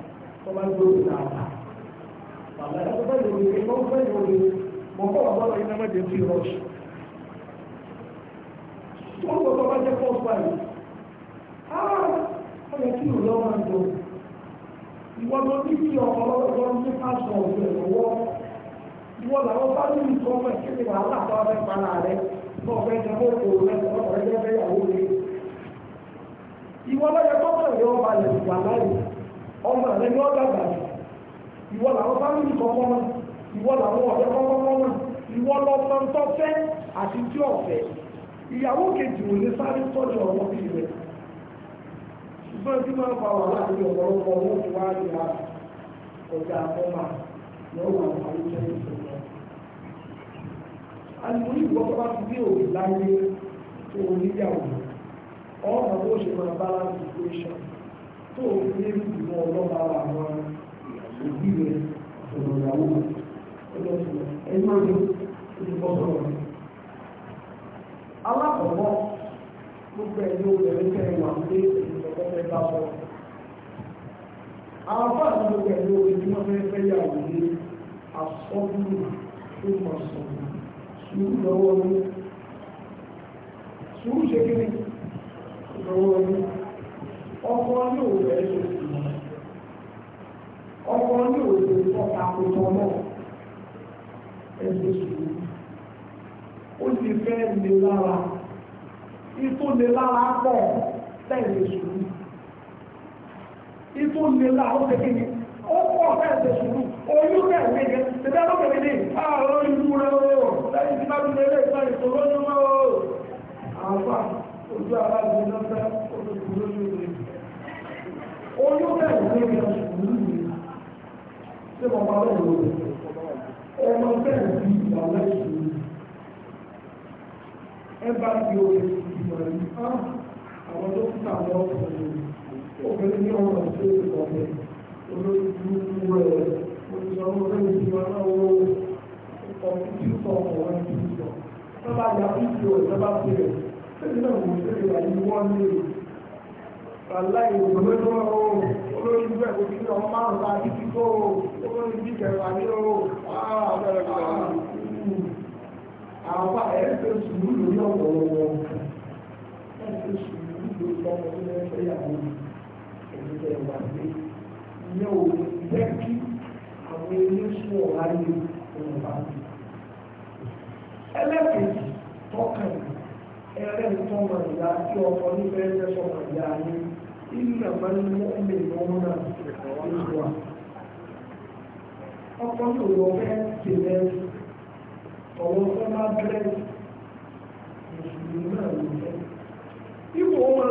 tó máa ń gbé òbí náà bàbá yàtọ̀ fẹ́ lòlù ìmọ̀ fẹ́ lòlù mọ̀ kọ́ ọ̀bọ̀ lọ iná mẹ́jẹ sí rọ́ọ̀ṣì tó gbọ́dọ̀ bá jẹ́ fọ́ọ̀fù báyìí ah ìwọ́n tó ní kí ọ̀pọ̀lọpọ̀ tó ń ní pásọ̀ òfin ìrọ̀wọ́ ìwọ́n làwọn bá ní ìtọ́ ọmọ ìkéde wàhálà tó ọmọ ìpalà rẹ tó ọmọ ẹgbẹ́ mọ́ òkòrò rẹ tó ọmọ ẹgbẹ́ fẹ́ yàwó rẹ. ìwọ́n lọ́yẹ tó bẹ̀rẹ̀ yọ ọba rẹ̀ wà láyé ọmọ rẹ ní ọ̀dà gbàgbé ìwọ́n làwọn bá ní ìtọ́ ọmọ ìwọ́n làwọn ọ̀dẹ́ kọ́kọ́kọ́ ìwọ́n lọ́ọ́ ìyàwó kejì ò ní sáré tọ́jú ọmọ bíi rẹ̀ ṣùgbọ́n máa fa wà láti ọ̀pọ̀lọpọ̀ owó tí wá ní a ọjà àkọ́mà lọ́wọ́ àwọn àlùjẹ́ ìṣòro. àlùkò ìwọ tó bá ti dé òwe láyé tó o níyàwó ọ̀nà bó ṣe máa balance equation tó o fi ní ìlú ọlọ́ba àwọn òbí rẹ̀ ọ̀dọ̀ ìyàwó ọlọ́sùn ẹni máa ń lo ìdíkọ́sọ̀rọ̀ rẹ̀. alákọ̀ọ́kọ́ gbogbo ẹ̀yọ́ obìnrin fẹ́ bá sọ. àwọn bá àwọn ọmọ ẹ̀rọ orí tí wọ́n fẹ́ fẹ́ yà wò ní asọ́dúnrún tó mọ̀ sọ̀rọ̀ sùúrù lọ́wọ́ ní sùúrù ṣe kí ni lọ́wọ́ ní ọkọ̀ ní òwúrọ̀ ẹ̀ ló sì mọ̀ ọkọ̀ ní òwúrọ̀ ọ̀tà àkótọ́ náà ẹ̀ ló sùúrù ó ti fẹ́ lè lára ìtò lè lára pọ̀ tẹ̀lé sùúrù ìtò nílá ó ṣe kí ni ó pọ̀ bẹ́ẹ̀ ṣe sùúrù oyún bẹ́ẹ̀ ní gẹ́ ṣẹ̀dá ló kẹ̀kẹ́ ní àárọ̀ ìlú rẹ̀ ó lẹ́yìn tí máa tún lé ìgbà ìṣòro ní mọ́ ó àfà ojú aláàbò lọ́fẹ́ olùkúrò ní ìlú oyún bẹ́ẹ̀ ní gẹ́ sùúrù ní ṣé mo máa lọ lò ọmọ bẹ́ẹ̀ bí ìgbà lẹ́sùn ẹ bá fi orin ìgbà yìí àwọn tó kúta lọ́wọ́ pẹ̀lú ọ̀gbẹ́ni ní ọmọ àti ìpàdé olórí gbogbo ẹ̀ olùsọ̀rọ̀ lẹ́yìn tí wọn náà wọ ọkùnrin tí sọ ọkùnrin tí sọ sábà yà fífi ọ̀ sábà bẹ̀rẹ̀ sẹ́yìn náà wò sẹ́yìn rà ní wọ́n lé aláì òdòdó tó wọ́n o olórí ìlú ẹ̀kọ́ tí ọmọ márùn-ún bá ti kíkó o olórí ìlú ìkẹfà ní o àwọn ẹ̀ẹ́fẹ́ sùúrù lórí ọ̀pọ̀lọpọ̀ ẹ̀ẹ́fẹ́ sùúrù lórí ọ̀pọ̀lọpọ̀ ẹ̀ẹ́fẹ́ yàgò Ela ìwà pé ela é fẹ́ kí àwọn ilé sún ọ̀rá ilé òun bá mi. ẹlẹ́kẹ̀ẹ́jì tọ́kàn ẹlẹ́ni tọ́mọ ìyá tí ọkọ nífẹ̀ẹ́ ẹgbẹ́ sọmọ ìyá ni ìlànà é ń mú ẹ̀mí ìwọ́n náà o wa. ọkọ ní òwò ọ̀fẹ́ tẹ̀lé ọ̀wọ́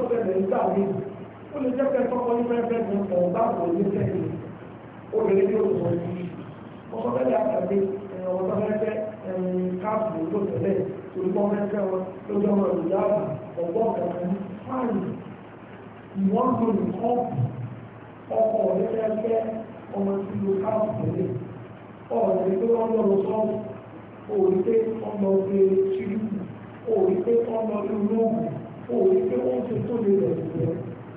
fẹ́ ó lè jẹ́ pé tọ́kọ ní pẹ́ẹ́pẹ́ ní ọ̀hún bá wò sẹ́yìn obìnrin ní oṣù ọ̀hún wọ́n sọ fẹ́ẹ́ àtàgbé ọ̀hún tó fẹ́ẹ́ fẹ́ káàpù ló tẹ̀lé olùkọ́ fẹ́ẹ́ wọn lójú ọmọ ìyá ọ̀gbọ́n kan ìwọ́n ló ní kọ́ọ̀pù ọkọ̀ ọ̀rẹ́ fẹ́ẹ́ ọmọ tí ló tẹ̀lé ọ̀rẹ́ tó wọ́n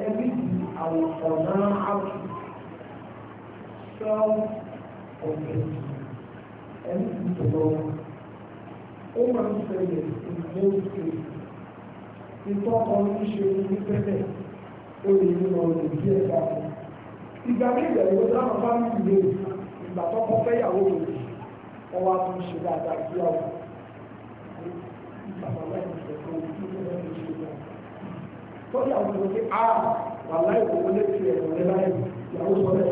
service our honor out self obsession and to know over service in most cases ìtọ́ ọdún ṣe ní pẹ́pẹ́ lórí nínú ọdún díẹ̀ báyìí ìgbà méjì ẹ̀rọ láwọn bá ń lè ìgbà tọ́kọ fẹ́yàwó rẹ̀ ọwọ́ àtúnṣe dáadáa sí àwọn tọ́jú àwọn ìlú pé a ah, wà láì wò ó lè ẹ̀rọ rẹ báyìí ìyàwó sọ bẹ́ẹ̀ é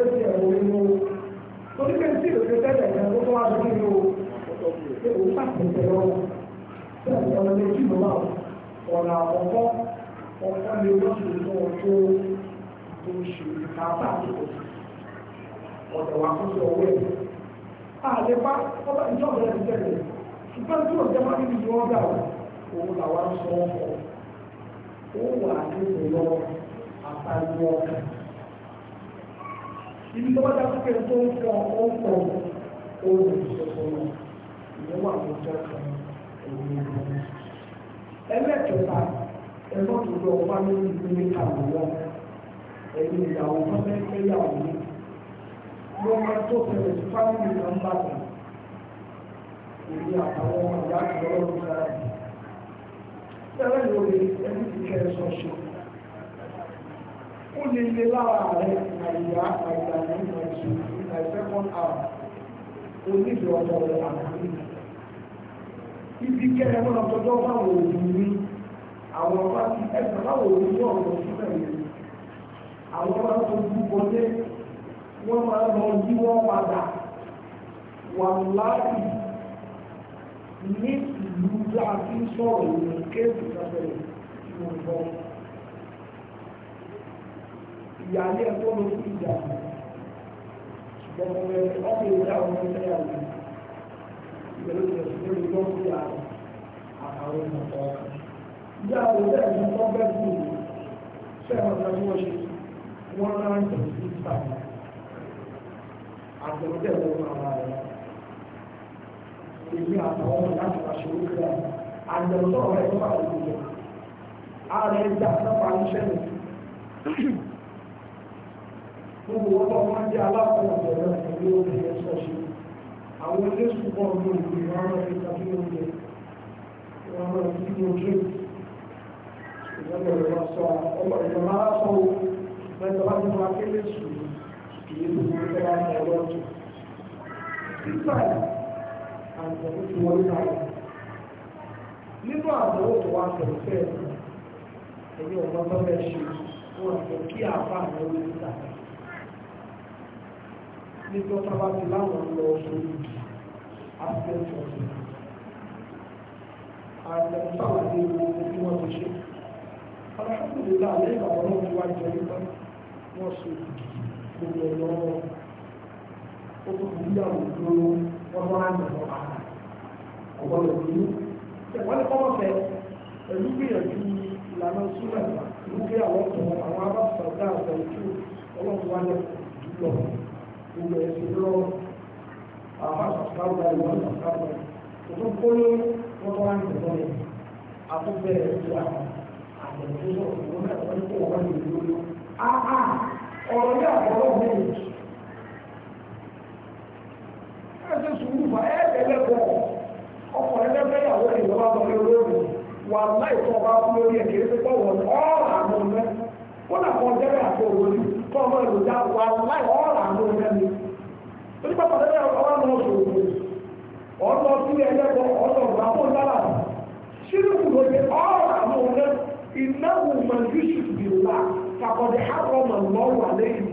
ẹ̀rọ rẹ mú o. torí pé tí òṣèlú tẹ́lẹ̀ yẹn tó wá sí nínú pé òun pàṣẹ lọ́wọ́ bẹ́ẹ̀ ọ̀rọ̀ lè jù lọ́wọ́ ọ̀rọ̀ àkọ́kọ́ ọ̀kan lè wọ́n sì sọ ọjọ́ tó ṣe kápá ọ̀dọ̀ wa kó sọ owó ẹ̀. àlepa ọba ìjọba ẹ̀ ń tẹ̀lé ṣùgbọ́n tí ó wà nínú lọ àtàlù ọkà ibi tó bá dá pé tó ń fọ ó ń fọ òòrùn ìṣòro wà ní ọjọ́ kan òun ní ọjọ́ ẹlẹ́kẹta ẹgbọ́n tó lọ wá lórí ìpínlẹ̀ kàwọ́ ẹni ìyàwó fẹ́fẹ́ yàwó ló máa tó fẹ́rẹ̀ fáwọn ìlànà bàtà ìdí àtàwọn ọmọ ìyá àti ọlọ́run sára yìí tẹ́lẹ̀ lórí ẹni tí kẹ́ sọ ṣe ó lè lè lára rẹ̀ àyíká àyíká ní ìrìnàjò ìgbà second hour onídìí ọjọ́ rẹ̀ àkàrí ibi kẹ́rẹ́ mọ́nà tọjọ́ báwo òun ní àwọn ọba ti ẹ̀sẹ̀ báwo òun ní ọ̀rọ̀ sílẹ̀ yẹn àwọn ọba tó gbúgbọ́ dé wọ́n máa lọ yíwọ́ padà wà láàyè ní bí a ti ń sọ̀rọ̀ ìwé kéèkì lábẹ́rẹ̀ tí wọ́n bọ́. ìyáálé ẹ̀kọ́ ló fi ìjà ṣùgbọ́n mo rẹ̀ ọ́pẹ́ ìjà ọmọ ilé àgbà ìbẹ̀rẹ̀ ìjọsìn lórí lọ́sí àrùn àtàwọn ìmọ̀tọ́ ọkàn. ìjà àwọn ilé ẹ̀sìn tó bẹ́ẹ̀ sí ìlú sẹ́wọ̀n náà wọ́n ṣe wọ́n náà ń tẹ̀sí ìtàn àtẹ̀wọ́tẹ̀wọ́ èmi àtàwọn ọmọ láti wá ṣe orí rẹ̀ àjẹ̀rù sọ̀rọ̀ rẹ̀ tó bá wù ú ààrẹ ìjà nípa iṣẹ́ rẹ̀ gbogbo wọn bá wọn jẹ́ alákọ̀ọ́ ọ̀dọ̀ rẹ̀ pẹ̀lú orí rẹ̀ sọ̀ṣe àwọn ilé ṣùgbọ́n ọdún òbí wọn rẹ̀ fi tàbí oúnjẹ wọn rẹ̀ fi tàbí oúnjẹ ìjọba ìrọ̀sọ̀ ọmọ ìjọba aláṣọ mẹ́tọ́ bá ti máa kélé sùn kì í lóko ẹgbẹ́ láti ọlọ́ọ̀tún àìsàn tó wọlé láàyè nínú àdánwò tó wá sọ̀rọ̀ fẹ́ẹ̀ ẹ̀yìn ọ̀gá tó fẹ́ ṣe wọn àti kí àbá àwọn olóyún dàgbà nígbà tó bá ti láwọn lọ sórí àtẹ̀tẹ̀ ọ̀sẹ̀ àtẹ̀tẹ̀ ìwé tí wọ́n ti ṣe alákùnrin náà lẹ́yìn àwọn náà ti wá jẹ nípa wọ́n so gbogbo ọ̀nà ó tó kù ọgbọ́n náà ní ọ̀pá ọgbọ́n ló bí wọ́n ní kọ́mọ̀ fẹ́ pẹ̀lú gbìyànjú ìlànà súnmọ̀ ìwúgbé àwọn tó àwọn abáfẹ́ ọ̀gá àgbà ojú ọlọ́run wá lọ lọ gbogbo ẹ̀sìn lọ àwọn àṣàkáwà ìwà àṣàkáwà àwọn àgbẹ̀ tó sọ̀rọ̀ wọn náà wọ́n wọ́n ní ìlú lọ ẹsẹ̀ sùúrù bá ẹ̀ẹ́dẹ̀ẹ́lẹ́gbọ̀ ọkọ̀ ẹlẹ́gbẹ̀yàwó ìjọba lọ́lẹ́ lórí wà láìpọ̀ bá kú lórí ẹ̀kẹ́ ẹ̀ṣẹ̀ pọ̀wọ̀ ọ̀rọ̀ àwọn ọmọ ó nà kọ́ jẹ́rẹ̀ àti òwòlì tó ọmọ èròjà wà láì ọ̀rọ̀ àwọn ọmọ mi torí pàpà lẹ́yìn ọ̀rọ̀ àwọn ọmọ sòwò ọ̀rọ̀ sí ẹlẹ́gbọ̀ ọ̀rọ̀ ọ̀gbà fún dára sírùkù ló ṣe ọ̀rọ̀ àwọn ọmọ ìnáwó mọ̀ yusuf bìlá kàkọ́dẹ̀ hákọ́ mọ̀ lọ́wọ́ àlẹ́ ìlú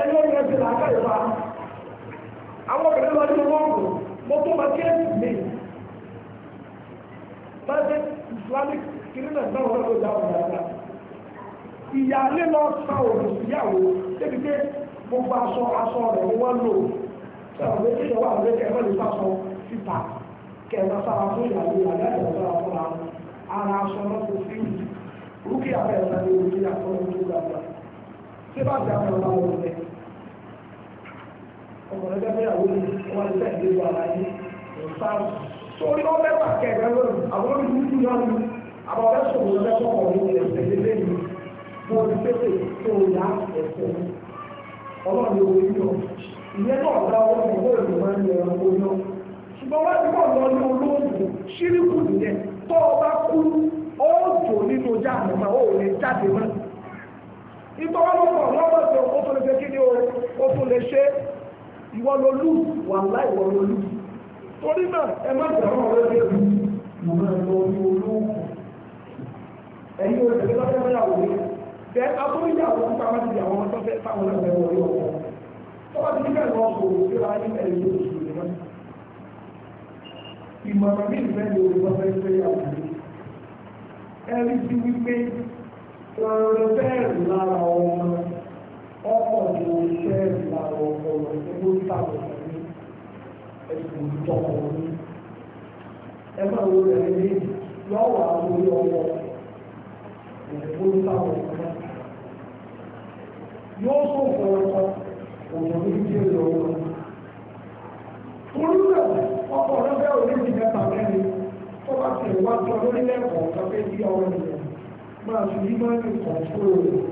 ẹni ọ̀rọ̀ ẹ̀sìn làákà ìfà àwọn obìnrin lọ nínú wọ́ọ̀gù mo tó ma kéèsì mi bẹ́ẹ̀ islamic kìnnìkan náà wọ́n lọ́dọ̀ dáhùn dáadáa ìyáálé lọ sa òòlù síyàwó débi pé gbogbo aṣọ aṣọ rẹ̀ ni wọ́n lò sọ̀rọ̀ pé kí ìyàwó àwọn ẹgbẹ́ ẹgbẹ́ lè sàṣọ síta kẹ̀mọ́ sára fún ìyàwó ìyàlẹ́ ẹ̀rọ sára fún ara ara aṣọ náà kò sí rúkìá bẹ́ẹ̀ sáré òkè àtọ́wọ́n tó gbàgbà tí bá ti àwọn ọba wọn lẹ́yìn ọkùnrin fẹ́ fẹ́ àwọn olùkọ́ wọn fẹ́ ìdílé wà láyé ìfáàmù sórí wọn fẹ́ wà kẹ̀kẹ́ lónìí àwọn olùkọ́ náà ni àwọn ọ̀rẹ́ sọ̀rọ̀ lọ́dẹ́ kọ́kọ́ ní ẹ̀sẹ̀ lélẹ́ mi mo ti pépè tó yá ẹ̀sẹ̀ mi ọlọ́run ló wọlé yọ ìyẹn náà dá ọwọ́ mi wọ́n èlò máa ń yẹ ẹranko yọ ṣùgbọ́n wọ́n ti pọ̀ lọ ní olóògùn ṣíríkù nìyẹn tó o bá kú ó jò nínú jáàmù máa ó lè jáde mọ́ ìtọ́wọ́lọ́pọ̀ lọ́wọ́ tó o tún lè ṣe kí ni o tún lè ṣe ìwọ ló lù wà láì wọ ló lù torí náà ẹ má tẹ̀wọ́ ọ̀rẹ́ bí ẹ̀rù mo máa lọ ní olóòkù ẹ̀yin olùdókè lọ́fẹ́ mẹ́yàwó mi bẹ́ẹ̀ abóyàwó nípa wọn ti di àwọn ọmọ tó fẹ́ fáwọn ọ̀rẹ́ wọlé ọkọ̀ tó bá ti ní bẹ́ẹ̀ lọ kò sí ra ní ẹ̀yìn olùdókè lọ́fẹ́ ìmọ̀ràn mi ìfẹ́ ni olùdókè fẹ́ yàwó ẹ̀rí ti wípé ọ̀rẹ́ bẹ́ẹ̀ lára ọmọ ọkọ̀ ju iṣẹ́ ìlànà ọpọlọ owó ìtàwọn ìtàní ẹ̀sùn ìjọpọ̀ ní ẹ máa wo ní lọ́wọ́ àwọn orí ọwọ́ owó ìtàwọn ìtàní yóò sọ̀fọ̀ ọkọ̀ òun ní ìdí èrè ọwọ́ torí náà ọkọ̀ rẹ̀ bẹ́ẹ̀ òní ti mẹ́ta mẹ́rin tó bá ti wá sọ lórílẹ̀ kọ̀ọ̀kan pé kí ọwọ́ ènìyàn máa fi yí máa ń kọ̀ọ̀tún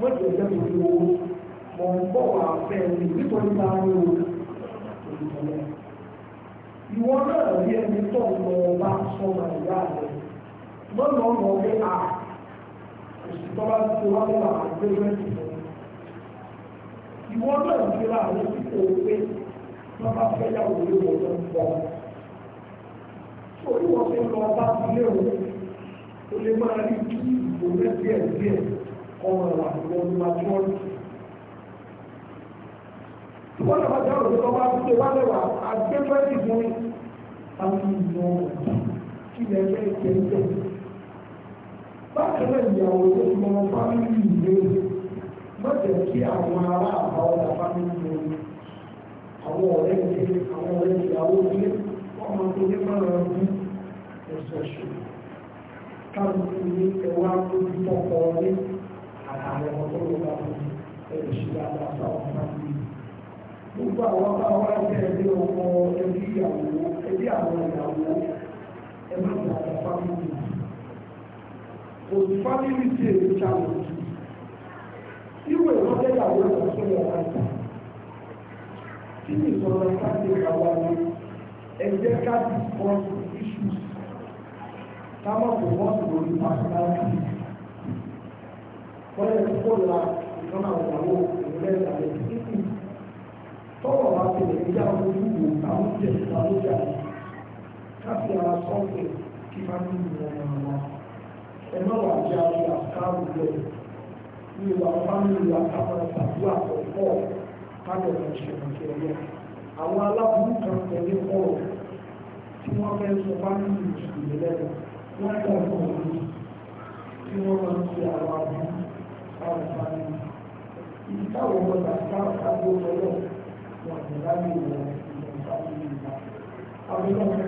mọ́tò ìjọba ìlú owó mọ̀ ń bọ̀ wà fẹ́ ẹni nítorí bá ń Ìwọ náà rí ẹni tó ń lọ bá sọmọ ìyá rẹ̀. Lọ́nà ọ̀nà ọ̀gbẹ́ à òsì tó bá ti wá lọ́wọ́ àgbẹ̀rẹ̀ ìjọba. Ìwọ náà fi ra àwọn sípò pé wọ́n bá fẹ́ yà wò lé wọ́n ń bọ̀. Sori wọ́n lọ bá ilé òun. O lè máa rí kí ìbò rẹ̀ díẹ̀ díẹ̀ ọmọ ẹ̀wà ìwọ ni wà tí wọ́n ti. Wọ́n náà bá jẹ́ ọ̀rọ̀ tó bá gbé wá lẹ́wà àgbẹ̀fẹ́ ti fún mi. Àwọn kí lè fẹ́ jẹ jẹ. Bákan náà ìyàwó ló ti mọ fámìlì ìwé. Mọ̀jẹ̀ kí àwọn ará àbáwọ̀dà fámìlì ìwé. Àwọn ọ̀rẹ́ ìdílé, àwọn ọ̀rẹ́ ìyàwó ilé, ọmọ tó ní mọ́ra ọdún ẹ̀sọ̀ ṣe. Káàdùn ní ẹwà tó ti tọkọ ọdún àwọn ọmọ tó lè bá wọn ẹ̀rù ṣe dáadáa sáwọn fáwọn gbogbo àwọn bá wá ẹgbẹ́ ẹbí ọmọ ẹbí ìyàwó ẹbí àwọn ìyàwó ẹ má gba àwọn fámìlì kò sí fámìlì tí èyí challenge ìrọ́lẹ́ ìyàwó ẹ̀rọ sọ́yọ̀ láìpẹ́ kí ni ìsọ̀rọ̀ ìpàdé ìyàwó ayé ẹgbẹ́ káàdì kan issues táwọn kò wọ́n sì lórí pàṣẹ láìpẹ́ wọ́n yẹ kó la ìjọba ìyàwó ìrẹ́lẹ̀ ìyàwó títí tọ́wọ́ bá ti lè yá ojú wò táwọn jẹ ìgbàlódé jà káfí ara sọ́ọ̀tẹ̀ kí bá ní ìwọ̀n náà wá ẹ má wà jẹ́ àwọn àkáàrù rẹ̀ ní ìwà fámìlì àtàwọn tàbí àkọ́kọ́ kájọ ìṣẹ̀lẹ̀ ìṣẹ̀lẹ̀ àwọn aláburú kan tẹ̀lé ọ̀rọ̀ tí wọ́n fẹ́ sọ fámìlì ìṣẹ̀lẹ̀ fáwọ̀fáwọ̀ ibi táwọn ọmọ ìgbà fáwọ̀fáwọ̀ lọ́wọ́ wọn kò láyé ìwọ̀n ìwọ̀n fáwọ̀ ìgbà àwọn ọmọ àwùjọ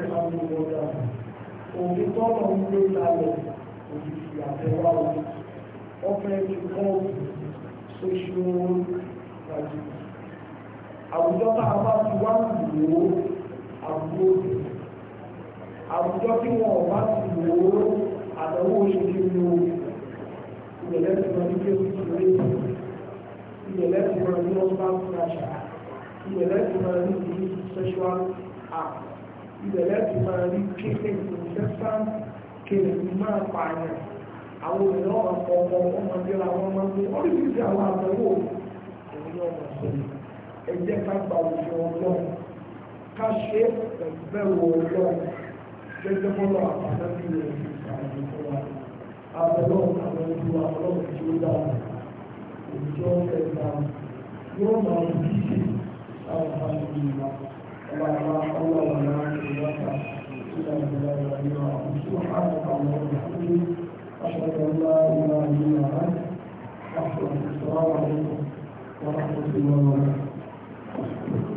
tí wọn bá ti wò àdánwò ṣe kí ni o ìyẹ̀lẹ́ ti lọ ní kéwì ti rí ìyẹ̀lẹ́ ti lọ ní ọgbà fúnraṣà ìyẹ̀lẹ́ ti lọ ní ìlú sexual act ìyẹ̀lẹ́ ti lọ ní kéde ìfẹ́sán kéde ìmọ̀ àpààyàn àwọn ènìyàn ọ̀pọ̀ ọmọ ọmọdé làwọn ọmọ gbé oríṣiríṣi àwọn àbẹ̀wò òun ní ọmọ sọ̀rọ̀ ẹ jẹ́ ká gba òfin ọlọ́run ká ṣe ẹ̀bẹ̀wò ọlọ́run gẹ́gẹ́ bọ́lá àpàdánù rẹ̀ ìgbà àdúgbò wa abẹ́lọ́ àwọn ojú àwọn tí ó dára òjò ẹ̀ka yóò máa ń bí ṣe àwọn àti ìwà ọlọ́wà ọlọ́wà náà ti wáta ìlà ìlà ìlà ìlà òjò àwọn àwọn ọ̀dọ́ أشهد أن لا إله إلا أنت أحسن السلام عليكم ورحمة الله وبركاته